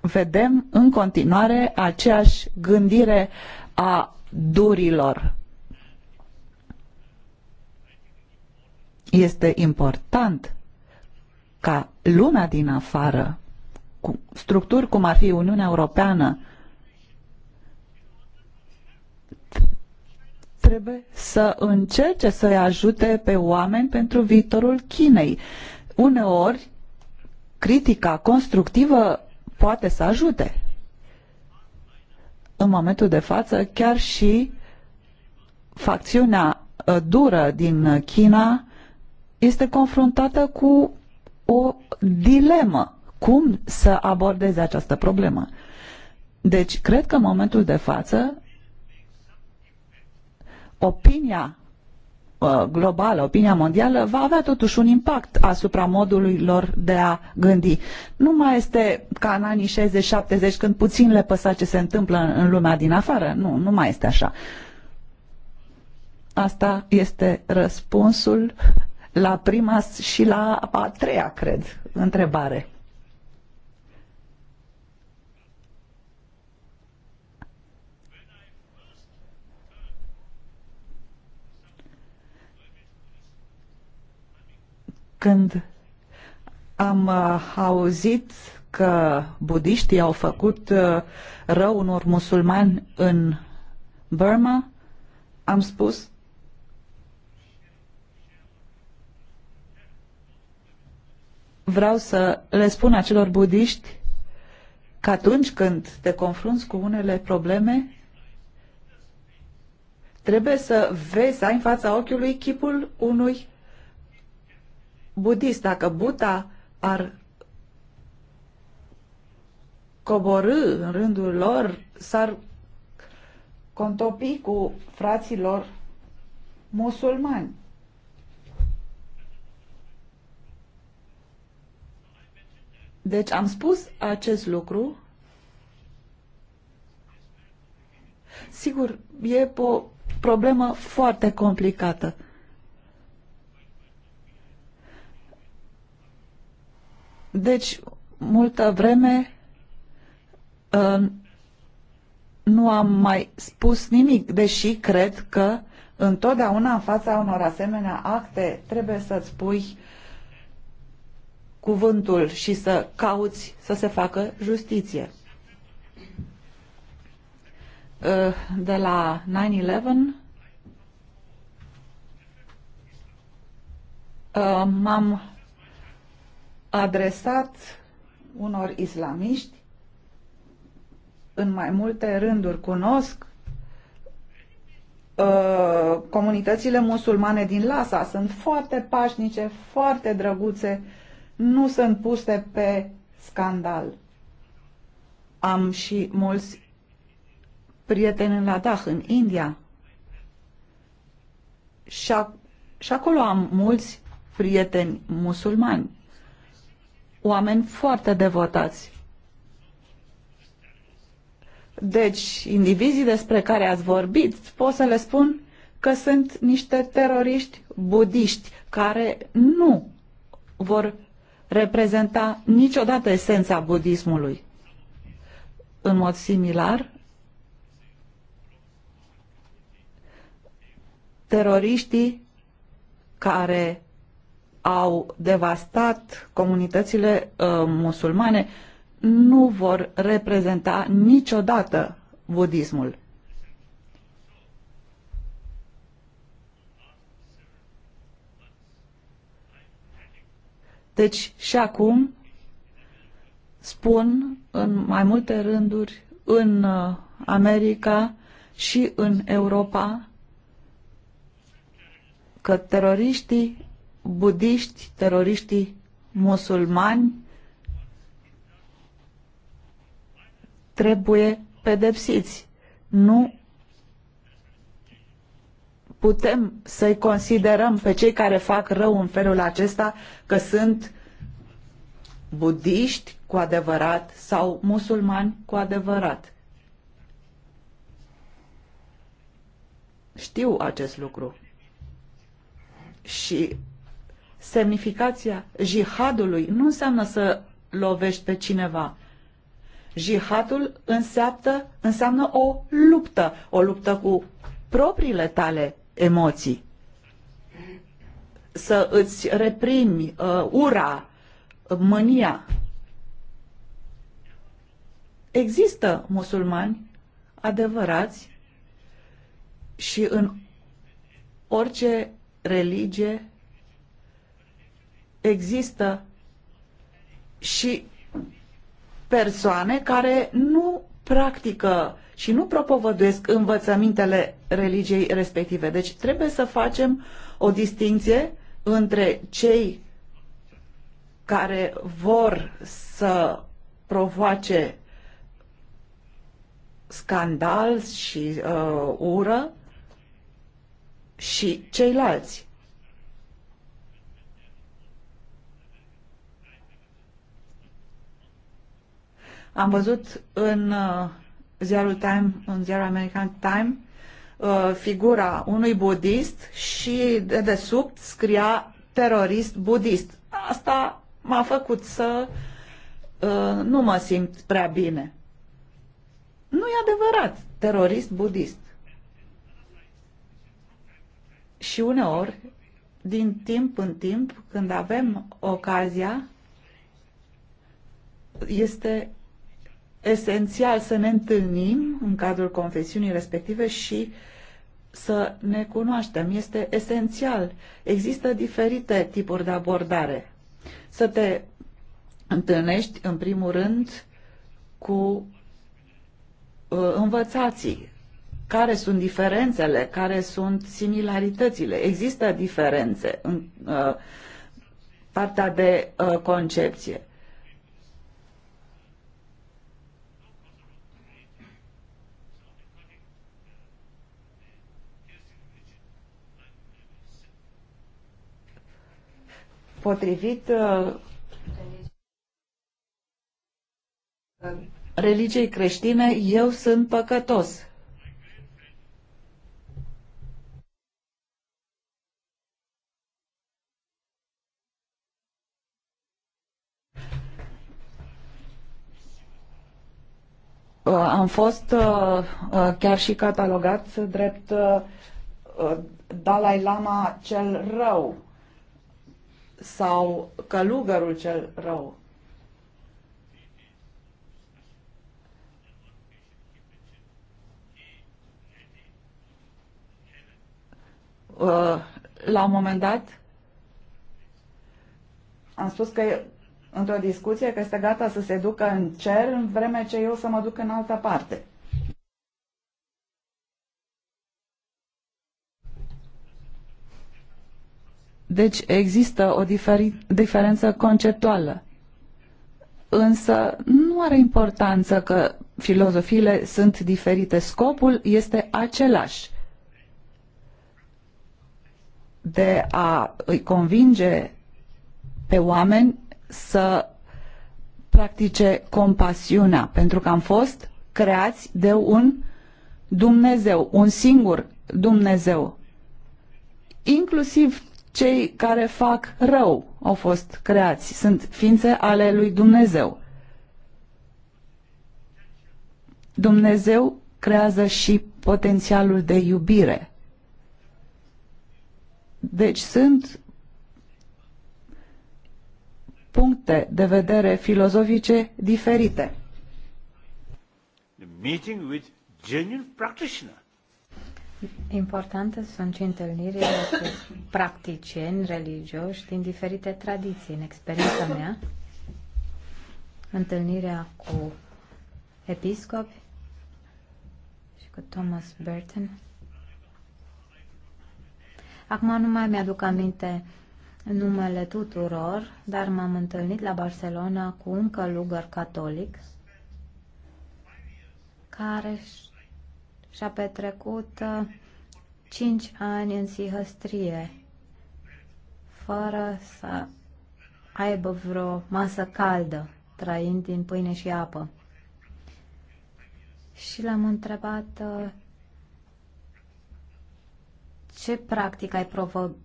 Vedem în continuare aceeași gândire a durilor. Este important ca lumea din afară structuri cum ar fi Uniunea Europeană trebuie să încerce să-i ajute pe oameni pentru viitorul Chinei. Uneori, critica constructivă poate să ajute. În momentul de față, chiar și facțiunea uh, dură din China este confruntată cu o dilemă cum să abordeze această problemă. Deci, cred că în momentul de față, opinia uh, globală, opinia mondială, va avea totuși un impact asupra modului lor de a gândi. Nu mai este ca în anii 60-70, când puțin le păsa ce se întâmplă în lumea din afară. Nu, nu mai este așa. Asta este răspunsul la prima și la a treia, cred, întrebare. Când am uh, auzit că budiștii au făcut uh, rău unor musulmani în Burma, am spus vreau să le spun acelor budiști că atunci când te confrunți cu unele probleme, trebuie să vezi, ai în fața ochiului chipul unui budist, dacă Buddha ar coborâ în rândul lor, s-ar contopi cu fraților musulmani. Deci am spus acest lucru. Sigur, e o problemă foarte complicată. Deci, multă vreme ă, nu am mai spus nimic, deși cred că întotdeauna în fața unor asemenea acte trebuie să-ți pui cuvântul și să cauți să se facă justiție. Ă, de la 9-11 ă, m-am adresat unor islamiști în mai multe rânduri. Cunosc uh, comunitățile musulmane din Lasa. Sunt foarte pașnice, foarte drăguțe, nu sunt puse pe scandal. Am și mulți prieteni în Ladakh, în India. Și, a, și acolo am mulți prieteni musulmani oameni foarte devotați. Deci, indivizii despre care ați vorbit, pot să le spun că sunt niște teroriști budiști care nu vor reprezenta niciodată esența budismului. În mod similar, teroriștii care au devastat comunitățile uh, musulmane nu vor reprezenta niciodată budismul. Deci și acum spun în mai multe rânduri în uh, America și în Europa că teroriștii budiști, teroriștii musulmani trebuie pedepsiți. Nu putem să-i considerăm pe cei care fac rău în felul acesta că sunt budiști cu adevărat sau musulmani cu adevărat. Știu acest lucru. Și semnificația jihadului nu înseamnă să lovești pe cineva. Jihadul înseamnă, înseamnă o luptă, o luptă cu propriile tale emoții. Să îți reprimi uh, ura, mânia. Există musulmani adevărați și în orice religie există și persoane care nu practică și nu propovăduiesc învățămintele religiei respective. Deci trebuie să facem o distinție între cei care vor să provoace scandal și uh, ură și ceilalți. Am văzut în uh, ziarul Time, în ziarul American Time, uh, figura unui budist și de desubt scria terorist budist. Asta m-a făcut să uh, nu mă simt prea bine. Nu e adevărat, terorist budist. Și uneori, din timp în timp, când avem ocazia, este esențial să ne întâlnim în cadrul confesiunii respective și să ne cunoaștem. Este esențial. Există diferite tipuri de abordare. Să te întâlnești, în primul rând, cu uh, învățații. Care sunt diferențele? Care sunt similaritățile? Există diferențe în uh, partea de uh, concepție potrivit uh, religiei creștine, eu sunt păcătos. Uh, am fost uh, chiar și catalogat drept Dalai Lama cel rău sau călugărul cel rău. Uh, la un moment dat am spus că într-o discuție că este gata să se ducă în cer în vreme ce eu să mă duc în altă parte. Deci există o diferi- diferență conceptuală. Însă nu are importanță că filozofiile sunt diferite. Scopul este același de a îi convinge pe oameni să practice compasiunea, pentru că am fost creați de un Dumnezeu, un singur Dumnezeu. Inclusiv cei care fac rău au fost creați, sunt ființe ale lui Dumnezeu. Dumnezeu creează și potențialul de iubire. Deci sunt puncte de vedere filozofice diferite. The meeting with genuine practitioner Importante sunt și întâlnirile cu practicieni religioși din diferite tradiții. În experiența mea, întâlnirea cu episcopi și cu Thomas Burton. Acum nu mai mi-aduc aminte numele tuturor, dar m-am întâlnit la Barcelona cu un călugăr catolic care și-a petrecut uh, cinci ani în sihăstrie, fără să aibă vreo masă caldă, trăind din pâine și apă. Și l-am întrebat uh, ce practic ai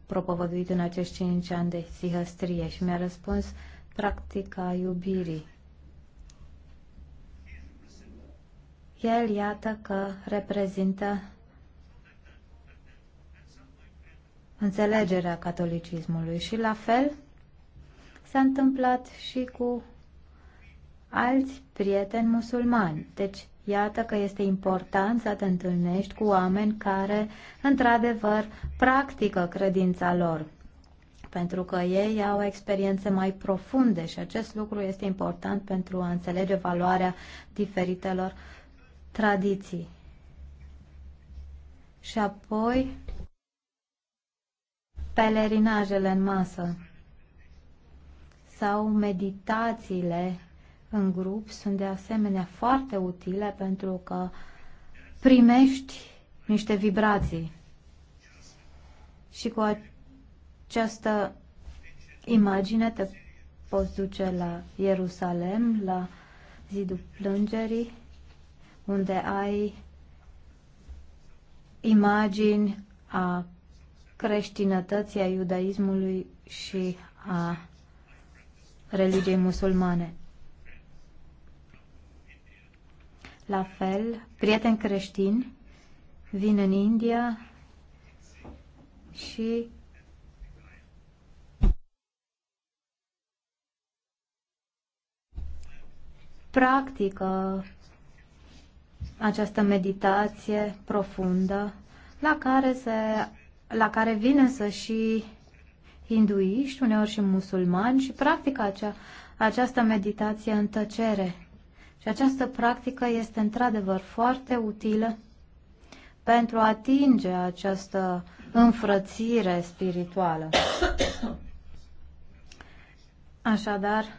propovăduit în acești cinci ani de sihăstrie și mi-a răspuns practica iubirii. El, iată că reprezintă înțelegerea catolicismului și la fel s-a întâmplat și cu alți prieteni musulmani. Deci, iată că este important să te întâlnești cu oameni care, într-adevăr, practică credința lor pentru că ei au experiențe mai profunde și acest lucru este important pentru a înțelege valoarea diferitelor tradiții. Și apoi pelerinajele în masă sau meditațiile în grup sunt de asemenea foarte utile pentru că primești niște vibrații. Și cu această imagine te poți duce la Ierusalem, la zidul plângerii unde ai imagini a creștinătății, a iudaismului și a religiei musulmane. La fel, prieteni creștini vin în India și practică această meditație profundă la care, se, la care vine să și hinduiști, uneori și musulmani și practică acea, această meditație în tăcere. Și această practică este într-adevăr foarte utilă pentru a atinge această înfrățire spirituală. Așadar,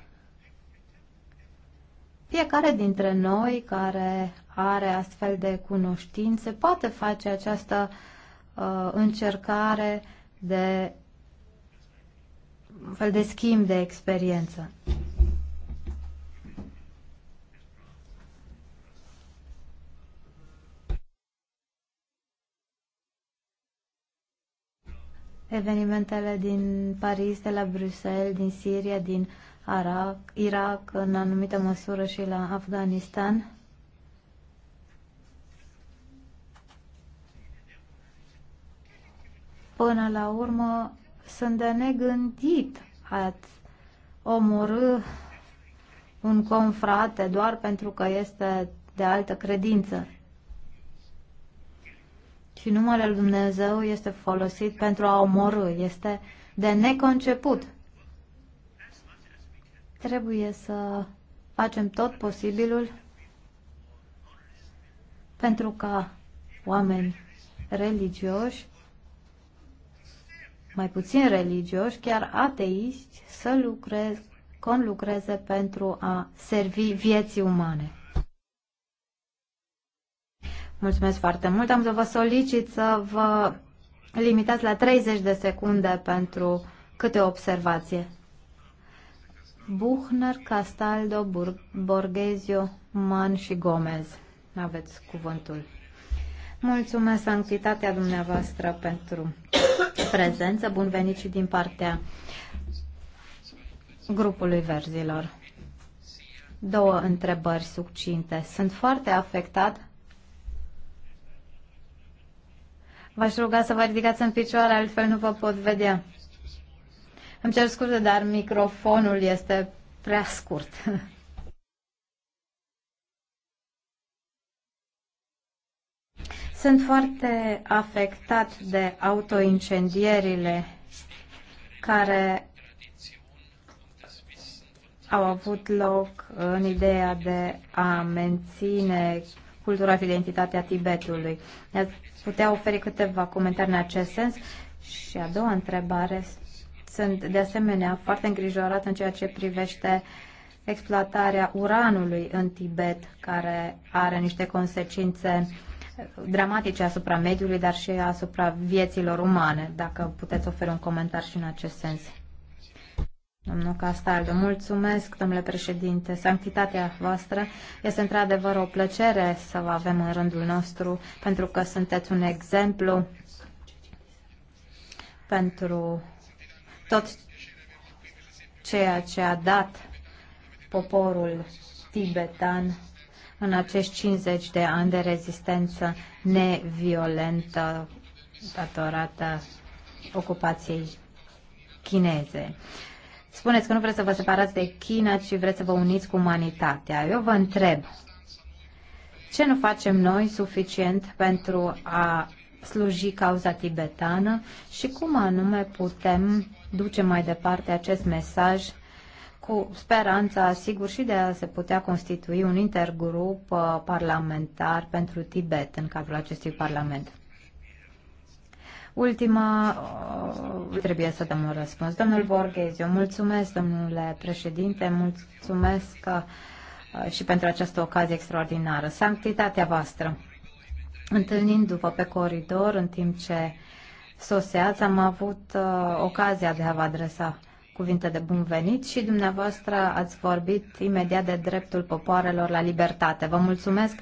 fiecare dintre noi care are astfel de cunoștințe, poate face această uh, încercare de un fel de schimb de experiență. Evenimentele din Paris, de la Bruxelles, din Siria, din Arak, Irak, în anumită măsură și la Afganistan Până la urmă, sunt de negândit a omorâ un confrate doar pentru că este de altă credință. Și numele Lui Dumnezeu este folosit pentru a omorâ. Este de neconceput. Trebuie să facem tot posibilul pentru ca oameni religioși mai puțin religioși, chiar ateiști, să lucreze, conlucreze pentru a servi vieții umane. Mulțumesc foarte mult. Am să vă solicit să vă limitați la 30 de secunde pentru câte o observație. Buchner, Castaldo, Borghezio, Man și Gomez. Aveți cuvântul. Mulțumesc sanctitatea dumneavoastră pentru prezență. Bun venit și din partea grupului verzilor. Două întrebări succinte. Sunt foarte afectat. V-aș ruga să vă ridicați în picioare, altfel nu vă pot vedea. Îmi cer scuze, dar microfonul este prea scurt. Sunt foarte afectat de autoincendierile care au avut loc în ideea de a menține cultura și identitatea Tibetului. Ne-ați putea oferi câteva comentarii în acest sens? Și a doua întrebare, sunt de asemenea foarte îngrijorat în ceea ce privește exploatarea uranului în Tibet, care are niște consecințe dramatice asupra mediului, dar și asupra vieților umane, dacă puteți oferi un comentariu și în acest sens. Domnul Castaldo, mulțumesc, domnule președinte. Sanctitatea voastră este într-adevăr o plăcere să vă avem în rândul nostru, pentru că sunteți un exemplu pentru tot ceea ce a dat poporul tibetan în acești 50 de ani de rezistență neviolentă datorată ocupației chineze. Spuneți că nu vreți să vă separați de China, ci vreți să vă uniți cu umanitatea. Eu vă întreb, ce nu facem noi suficient pentru a sluji cauza tibetană și cum anume putem duce mai departe acest mesaj cu speranța, sigur, și de a se putea constitui un intergrup uh, parlamentar pentru Tibet în cadrul acestui parlament. Ultima, uh, trebuie să dăm un răspuns. Domnul eu mulțumesc, domnule președinte, mulțumesc uh, și pentru această ocazie extraordinară. Sanctitatea voastră, întâlnindu-vă pe coridor în timp ce soseați, am avut ocazia de a vă adresa cuvinte de bun venit și dumneavoastră ați vorbit imediat de dreptul popoarelor la libertate. Vă mulțumesc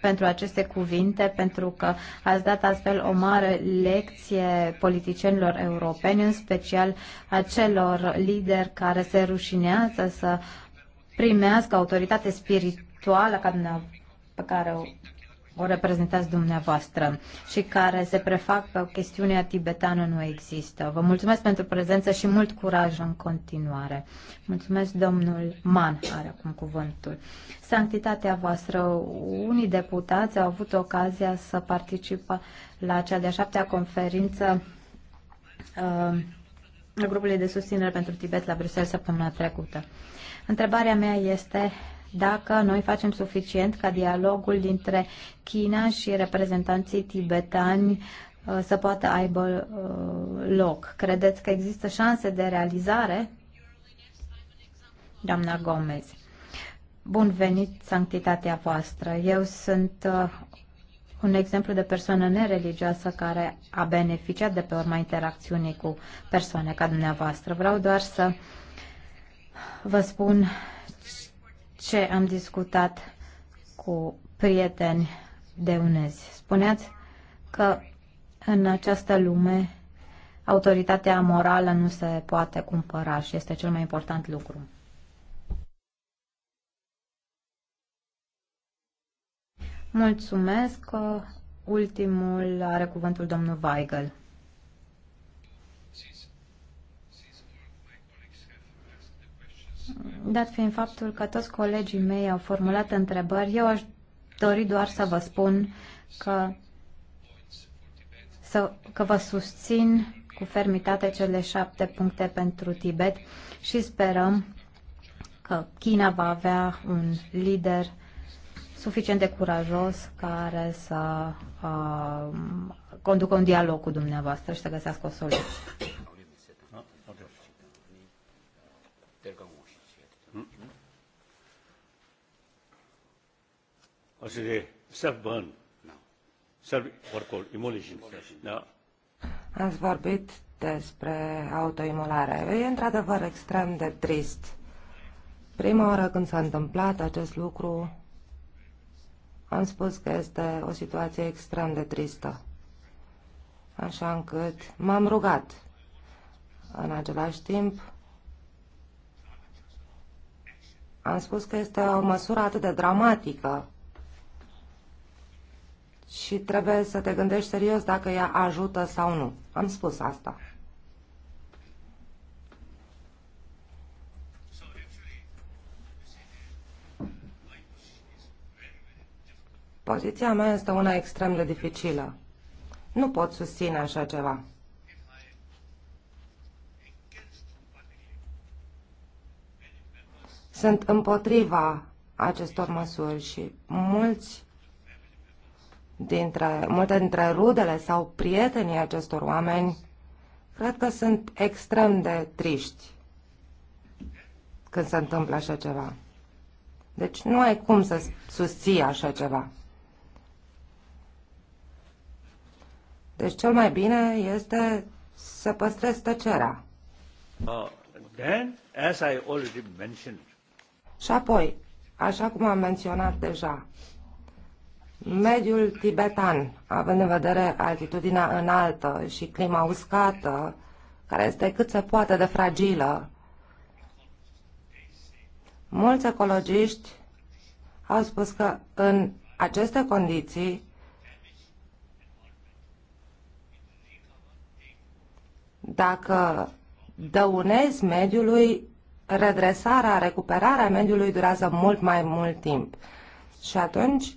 pentru aceste cuvinte, pentru că ați dat astfel o mare lecție politicienilor europeni, în special acelor lideri care se rușinează să primească autoritate spirituală ca pe care o o reprezentați dumneavoastră și care se prefac că chestiunea tibetană nu există. Vă mulțumesc pentru prezență și mult curaj în continuare. Mulțumesc, domnul Man, are acum cuvântul. Sanctitatea voastră, unii deputați au avut ocazia să participă la cea de-a șaptea conferință uh, grupului de susținere pentru Tibet la Bruxelles săptămâna trecută. Întrebarea mea este dacă noi facem suficient ca dialogul dintre China și reprezentanții tibetani uh, să poată aibă uh, loc. Credeți că există șanse de realizare? Doamna Gomez. Bun venit, sanctitatea voastră. Eu sunt uh, un exemplu de persoană nereligioasă care a beneficiat de pe urma interacțiunii cu persoane ca dumneavoastră. Vreau doar să vă spun ce am discutat cu prieteni unezi. Spuneați că în această lume autoritatea morală nu se poate cumpăra și este cel mai important lucru. Mulțumesc. Ultimul are cuvântul domnul Weigel. Dat fiind faptul că toți colegii mei au formulat întrebări, eu aș dori doar să vă spun că, să, că vă susțin cu fermitate cele șapte puncte pentru Tibet și sperăm că China va avea un lider suficient de curajos care să uh, conducă un dialog cu dumneavoastră și să găsească o soluție. also self-burn now, self, what called immolation. Now. Ați vorbit despre autoimolare. E într-adevăr extrem de trist. Prima oară când s-a întâmplat acest lucru, am spus că este o situație extrem de tristă. Așa încât m-am rugat. În același timp, am spus că este o măsură atât de dramatică și trebuie să te gândești serios dacă ea ajută sau nu. Am spus asta. Poziția mea este una extrem de dificilă. Nu pot susține așa ceva. Sunt împotriva acestor măsuri și mulți dintre, multe dintre rudele sau prietenii acestor oameni, cred că sunt extrem de triști când se întâmplă așa ceva. Deci nu ai cum să susții așa ceva. Deci cel mai bine este să păstrezi tăcerea. Uh, then, as I already mentioned. Și apoi, așa cum am menționat deja, Mediul tibetan, având în vedere altitudinea înaltă și clima uscată, care este cât se poate de fragilă, mulți ecologiști au spus că în aceste condiții dacă dăunezi mediului, redresarea, recuperarea mediului durează mult mai mult timp. Și atunci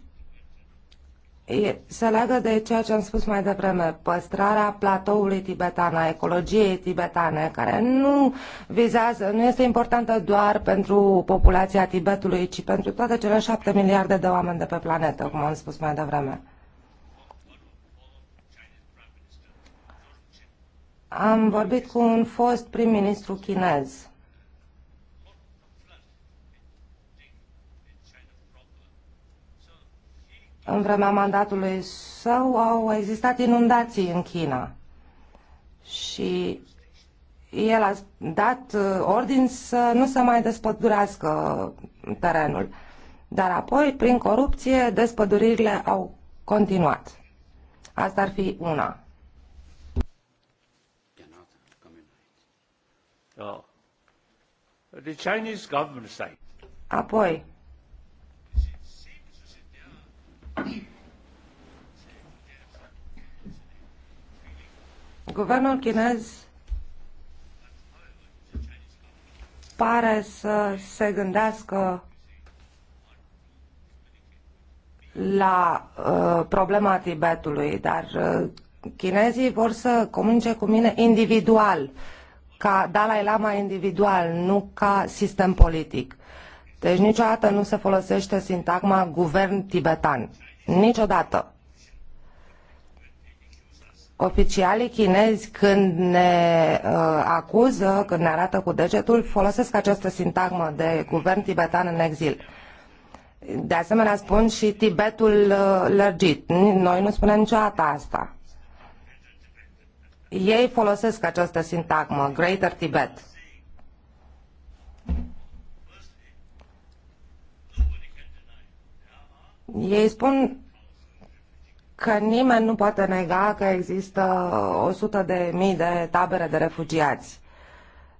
e, se leagă de ceea ce am spus mai devreme, păstrarea platoului tibetan, a ecologiei tibetane, care nu vizează, nu este importantă doar pentru populația Tibetului, ci pentru toate cele șapte miliarde de oameni de pe planetă, cum am spus mai devreme. Am vorbit cu un fost prim-ministru chinez în vremea mandatului său au existat inundații în China și el a dat uh, ordin să nu se mai despădurească terenul. Dar apoi, prin corupție, despăduririle au continuat. Asta ar fi una. Apoi, Guvernul chinez pare să se gândească la uh, problema Tibetului, dar uh, chinezii vor să comunice cu mine individual, ca Dalai Lama individual, nu ca sistem politic. Deci niciodată nu se folosește sintagma guvern tibetan. Niciodată oficialii chinezi când ne uh, acuză, când ne arată cu degetul, folosesc această sintagmă de guvern tibetan în exil. De asemenea spun și Tibetul uh, lărgit. Noi nu spunem niciodată asta. Ei folosesc această sintagmă, Greater Tibet. Ei spun că nimeni nu poate nega că există 100 de mii de tabere de refugiați.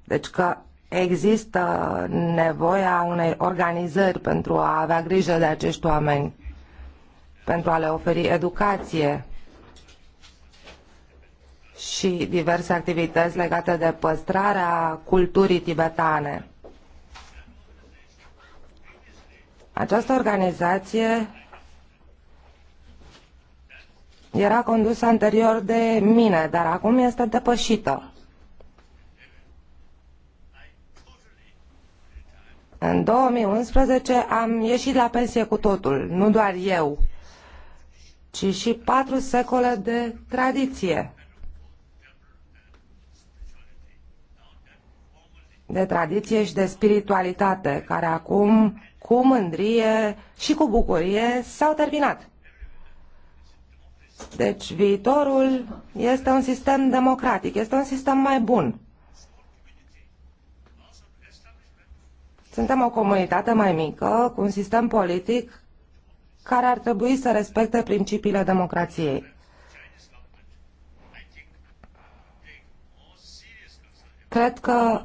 Deci că există nevoia unei organizări pentru a avea grijă de acești oameni, pentru a le oferi educație și diverse activități legate de păstrarea culturii tibetane. Această organizație era condusă anterior de mine, dar acum este depășită. În 2011 am ieșit la pensie cu totul, nu doar eu, ci și patru secole de tradiție. De tradiție și de spiritualitate, care acum, cu mândrie și cu bucurie, s-au terminat. Deci viitorul este un sistem democratic, este un sistem mai bun. Suntem o comunitate mai mică, cu un sistem politic care ar trebui să respecte principiile democrației. Cred că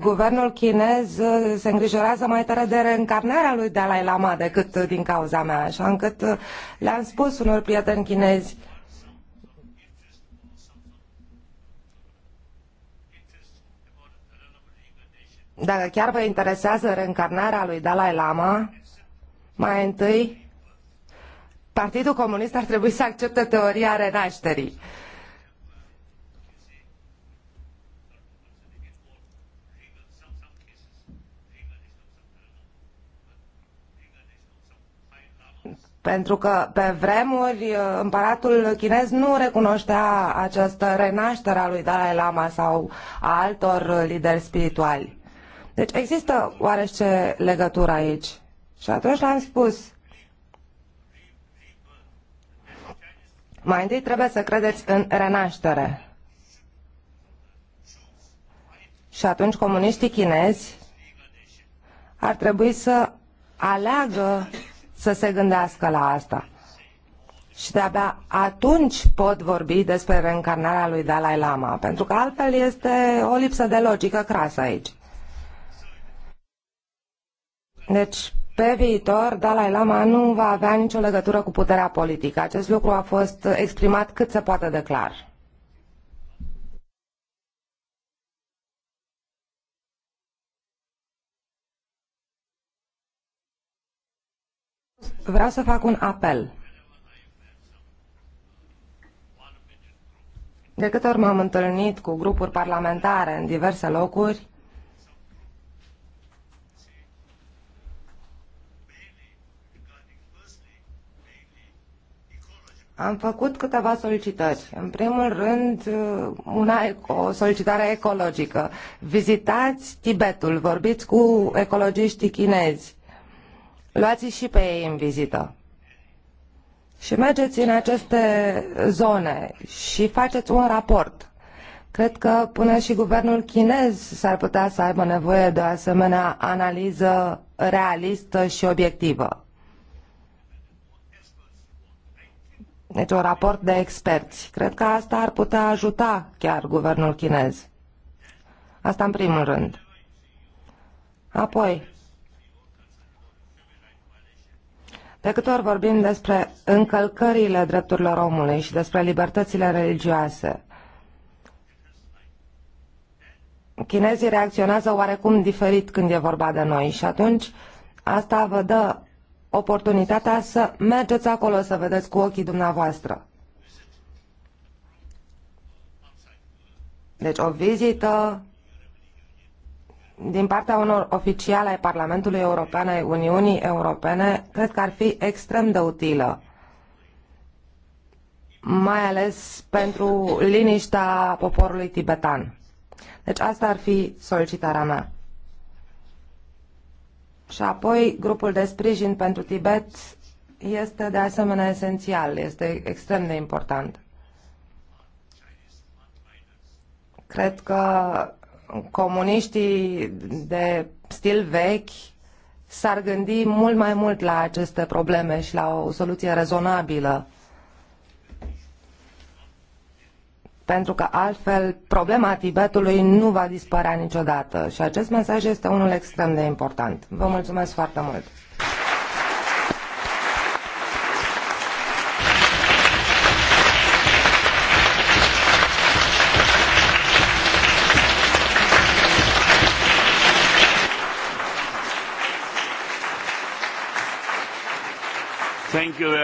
guvernul chinez uh, se îngrijorează mai tare de reîncarnarea lui Dalai Lama decât uh, din cauza mea, așa încât uh, le-am spus unor prieteni chinezi Dacă chiar vă interesează reîncarnarea lui Dalai Lama, mai întâi, Partidul Comunist ar trebui să accepte teoria renașterii. Uh, Pentru că pe vremuri uh, împăratul chinez nu recunoștea această renaștere a lui Dalai Lama sau a altor uh, lideri spirituali. Deci există oarește legătură aici. Și atunci l-am spus. Mai întâi trebuie să credeți în renaștere. Și atunci comuniștii chinezi ar trebui să aleagă să se gândească la asta. Și de-abia atunci pot vorbi despre reîncarnarea lui Dalai Lama, pentru că altfel este o lipsă de logică crasă aici. Deci, pe viitor, Dalai Lama nu va avea nicio legătură cu puterea politică. Acest lucru a fost exprimat cât se poate de clar. vreau să fac un apel. De câte ori m-am întâlnit cu grupuri parlamentare în diverse locuri, Am făcut câteva solicitări. În primul rând, una, o solicitare ecologică. Vizitați Tibetul, vorbiți cu ecologiștii chinezi, luați și pe ei în vizită. Și mergeți în aceste zone și faceți un raport. Cred că până și guvernul chinez s-ar putea să aibă nevoie de o asemenea analiză realistă și obiectivă. Deci un raport de experți. Cred că asta ar putea ajuta chiar guvernul chinez. Asta în primul rând. Apoi, Pe cât ori vorbim despre încălcările drepturilor omului și despre libertățile religioase, chinezii reacționează oarecum diferit când e vorba de noi și atunci asta vă dă oportunitatea să mergeți acolo să vedeți cu ochii dumneavoastră. Deci o vizită din partea unor oficiali ai Parlamentului European, ai Uniunii Europene, cred că ar fi extrem de utilă mai ales pentru liniștea poporului tibetan. Deci asta ar fi solicitarea mea. Și apoi, grupul de sprijin pentru Tibet este de asemenea esențial, este extrem de important. Cred că comuniștii de stil vechi s-ar gândi mult mai mult la aceste probleme și la o soluție rezonabilă. Pentru că altfel problema Tibetului nu va dispărea niciodată și acest mesaj este unul extrem de important. Vă mulțumesc foarte mult!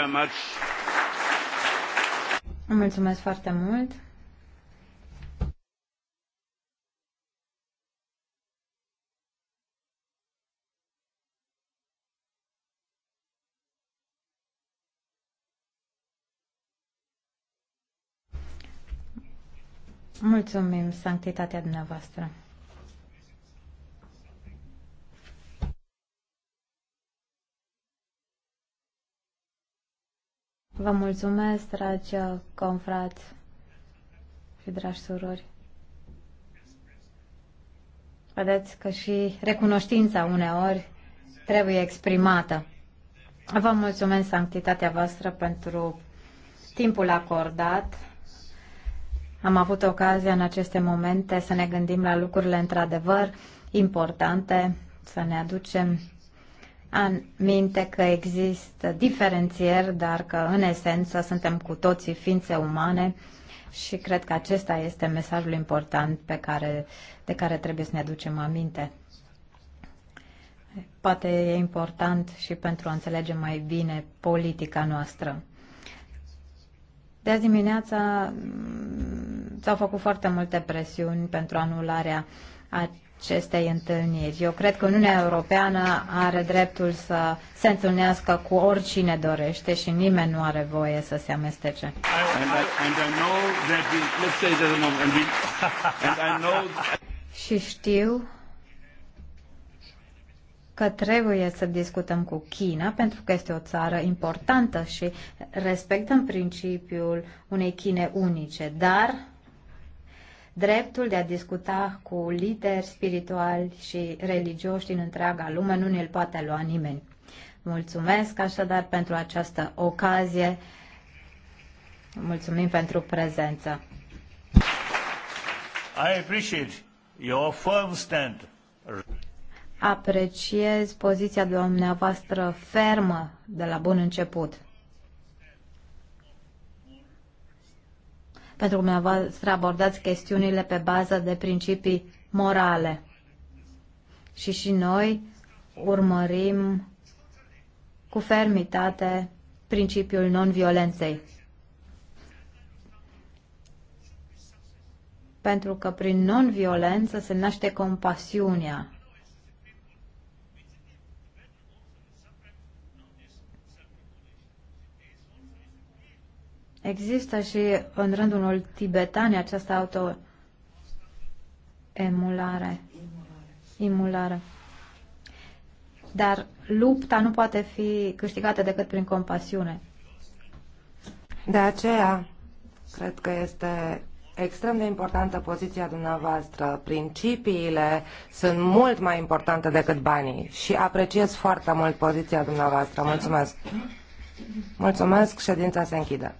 very much. Mulțumesc foarte mult. Mulțumim, sanctitatea dumneavoastră. Vă mulțumesc, dragi uh, confrați și dragi surori. Vedeți că și recunoștința uneori trebuie exprimată. Vă mulțumesc, sanctitatea voastră, pentru timpul acordat. Am avut ocazia în aceste momente să ne gândim la lucrurile într-adevăr importante, să ne aducem am minte că există diferențieri, dar că în esență suntem cu toții ființe umane și cred că acesta este mesajul important pe care, de care trebuie să ne ducem aminte. Poate e important și pentru a înțelege mai bine politica noastră. De azi dimineața mm, s-au făcut foarte multe presiuni pentru anularea uh, acestei întâlniri. Eu cred că Uniunea Europeană are dreptul să se întâlnească cu oricine dorește și nimeni nu are voie să se amestece. Și știu că trebuie să discutăm cu China pentru că este o țară importantă și respectăm principiul unei Chine unice, dar dreptul de a discuta cu lideri spirituali și religioși din întreaga lume nu ne-l poate lua nimeni. Mulțumesc așadar pentru această ocazie. Mulțumim pentru prezență. I appreciate your firm stand. Apreciez poziția dumneavoastră fermă de la bun început. pentru că dumneavoastră abordați chestiunile pe bază de principii morale. Și și noi urmărim cu fermitate principiul non-violenței. Pentru că prin non-violență se naște compasiunea Există și în rândul unor tibetani această autoemulare. Imulare. Dar lupta nu poate fi câștigată decât prin compasiune. De aceea, cred că este extrem de importantă poziția dumneavoastră. Principiile sunt mult mai importante decât banii și apreciez foarte mult poziția dumneavoastră. Mulțumesc! Mulțumesc, ședința se închide.